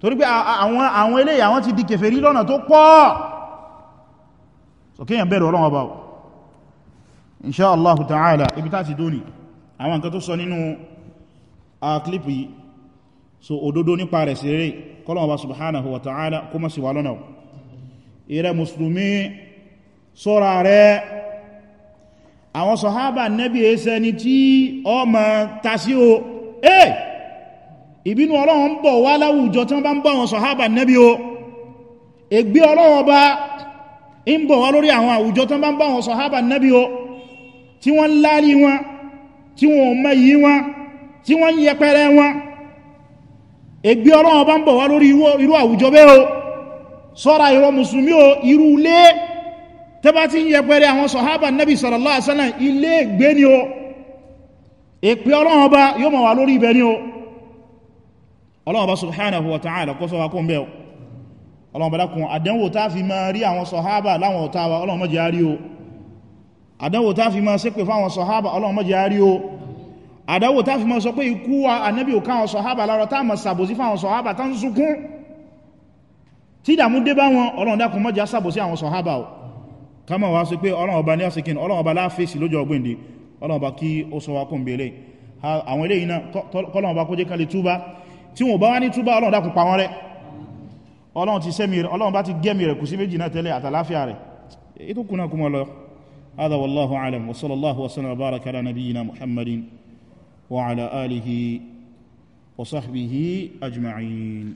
torí pé àwọn eléyìí àwọn ti di kèfèrí lọ́nà tó pọ̀ so kíyàn bẹ̀rẹ̀ Ọlọ́run Ọba insha Allah ta'ala ibi tá ti dóní àwọn nǹkan tó sọ nínú àklípù yìí so òdodo nípa rẹ̀ sí rẹ̀ kọ́lọ́run Ọba subhanahu wa ta'ala kó mọ́ sí wà lọ́nà ìrẹ mùsùlùmí sọ́ra rẹ̀ àwọn sọ̀hábà nẹ́bí ẹsẹ́ ni tí ọmọ tasí o ẹ́ ìbínú ọlọ́run bọ̀ wá láwùjọ tí wọ́n bá ń bọ̀ àwọn sọ̀hábà nẹ́bí o ègbé ọlọ́run bá ń bọ̀ wá lórí àwọn àwùjọ tí wọ́n bá ń bọ̀ àwọn sọ̀hábà nẹ́bí o tí wọ́n lárí wọn tí wọ́n mẹ́yí wọn tí wọ́n yẹpẹrẹ wọn ègbé ọlọ́run bá ń bọ̀ wá lórí irú àwùjọ bẹ́ẹ̀ o sọ́ra ìrọ mùsùlùmí o irú ilé tẹba ti ń yẹpẹrẹ àwọn sọ̀hábà nẹ́bì sallallahu alaihi wasallam ilé ìgbé ni o ìpé ọlọ́run ọba yóò mọ̀ wà lórí ibẹ̀ ni o ọlọ́run ọba subhanahu wa ta'ala kó sọ́wà kó ń bẹ́ o ọlọ́run ọba dákun àdánwò tá fi máa rí àwọn sọ̀hábà láwọn ọ̀tá wa ọlọ́run má jẹ́ á rí o àdánwò tá fi máa ṣépè fáwọn sọ̀hábà ọlọ́run má jẹ́ á kama wá sọ pé ọlọ́run ọba ní ọ̀sẹ̀kín ọlọ́run ọba láàfẹ́sì lọ́jọ́ ọgbẹ̀ndì ọlọ́run ọba kí ó sọ wa kún bèèrè àwọn ilé iná kọ́lọ́run ọba kó jẹ́ kalẹ̀ túbá tí wọ́n bá wá ní túbá ọlọ́run dákùn pa wọ́n rẹ̀ ọlọ́run ti sẹ́mi rẹ̀ ọlọ́run bá ti gẹ́mi rẹ̀ kù sí méjì náà tẹ́lẹ̀ àtàláfíà rẹ̀ ètò kùnà kúmọ̀ lọ هذا والله أعلم وصلى الله وسلم وبارك على نبينا محمد وعلى آله وصحبه أجمعين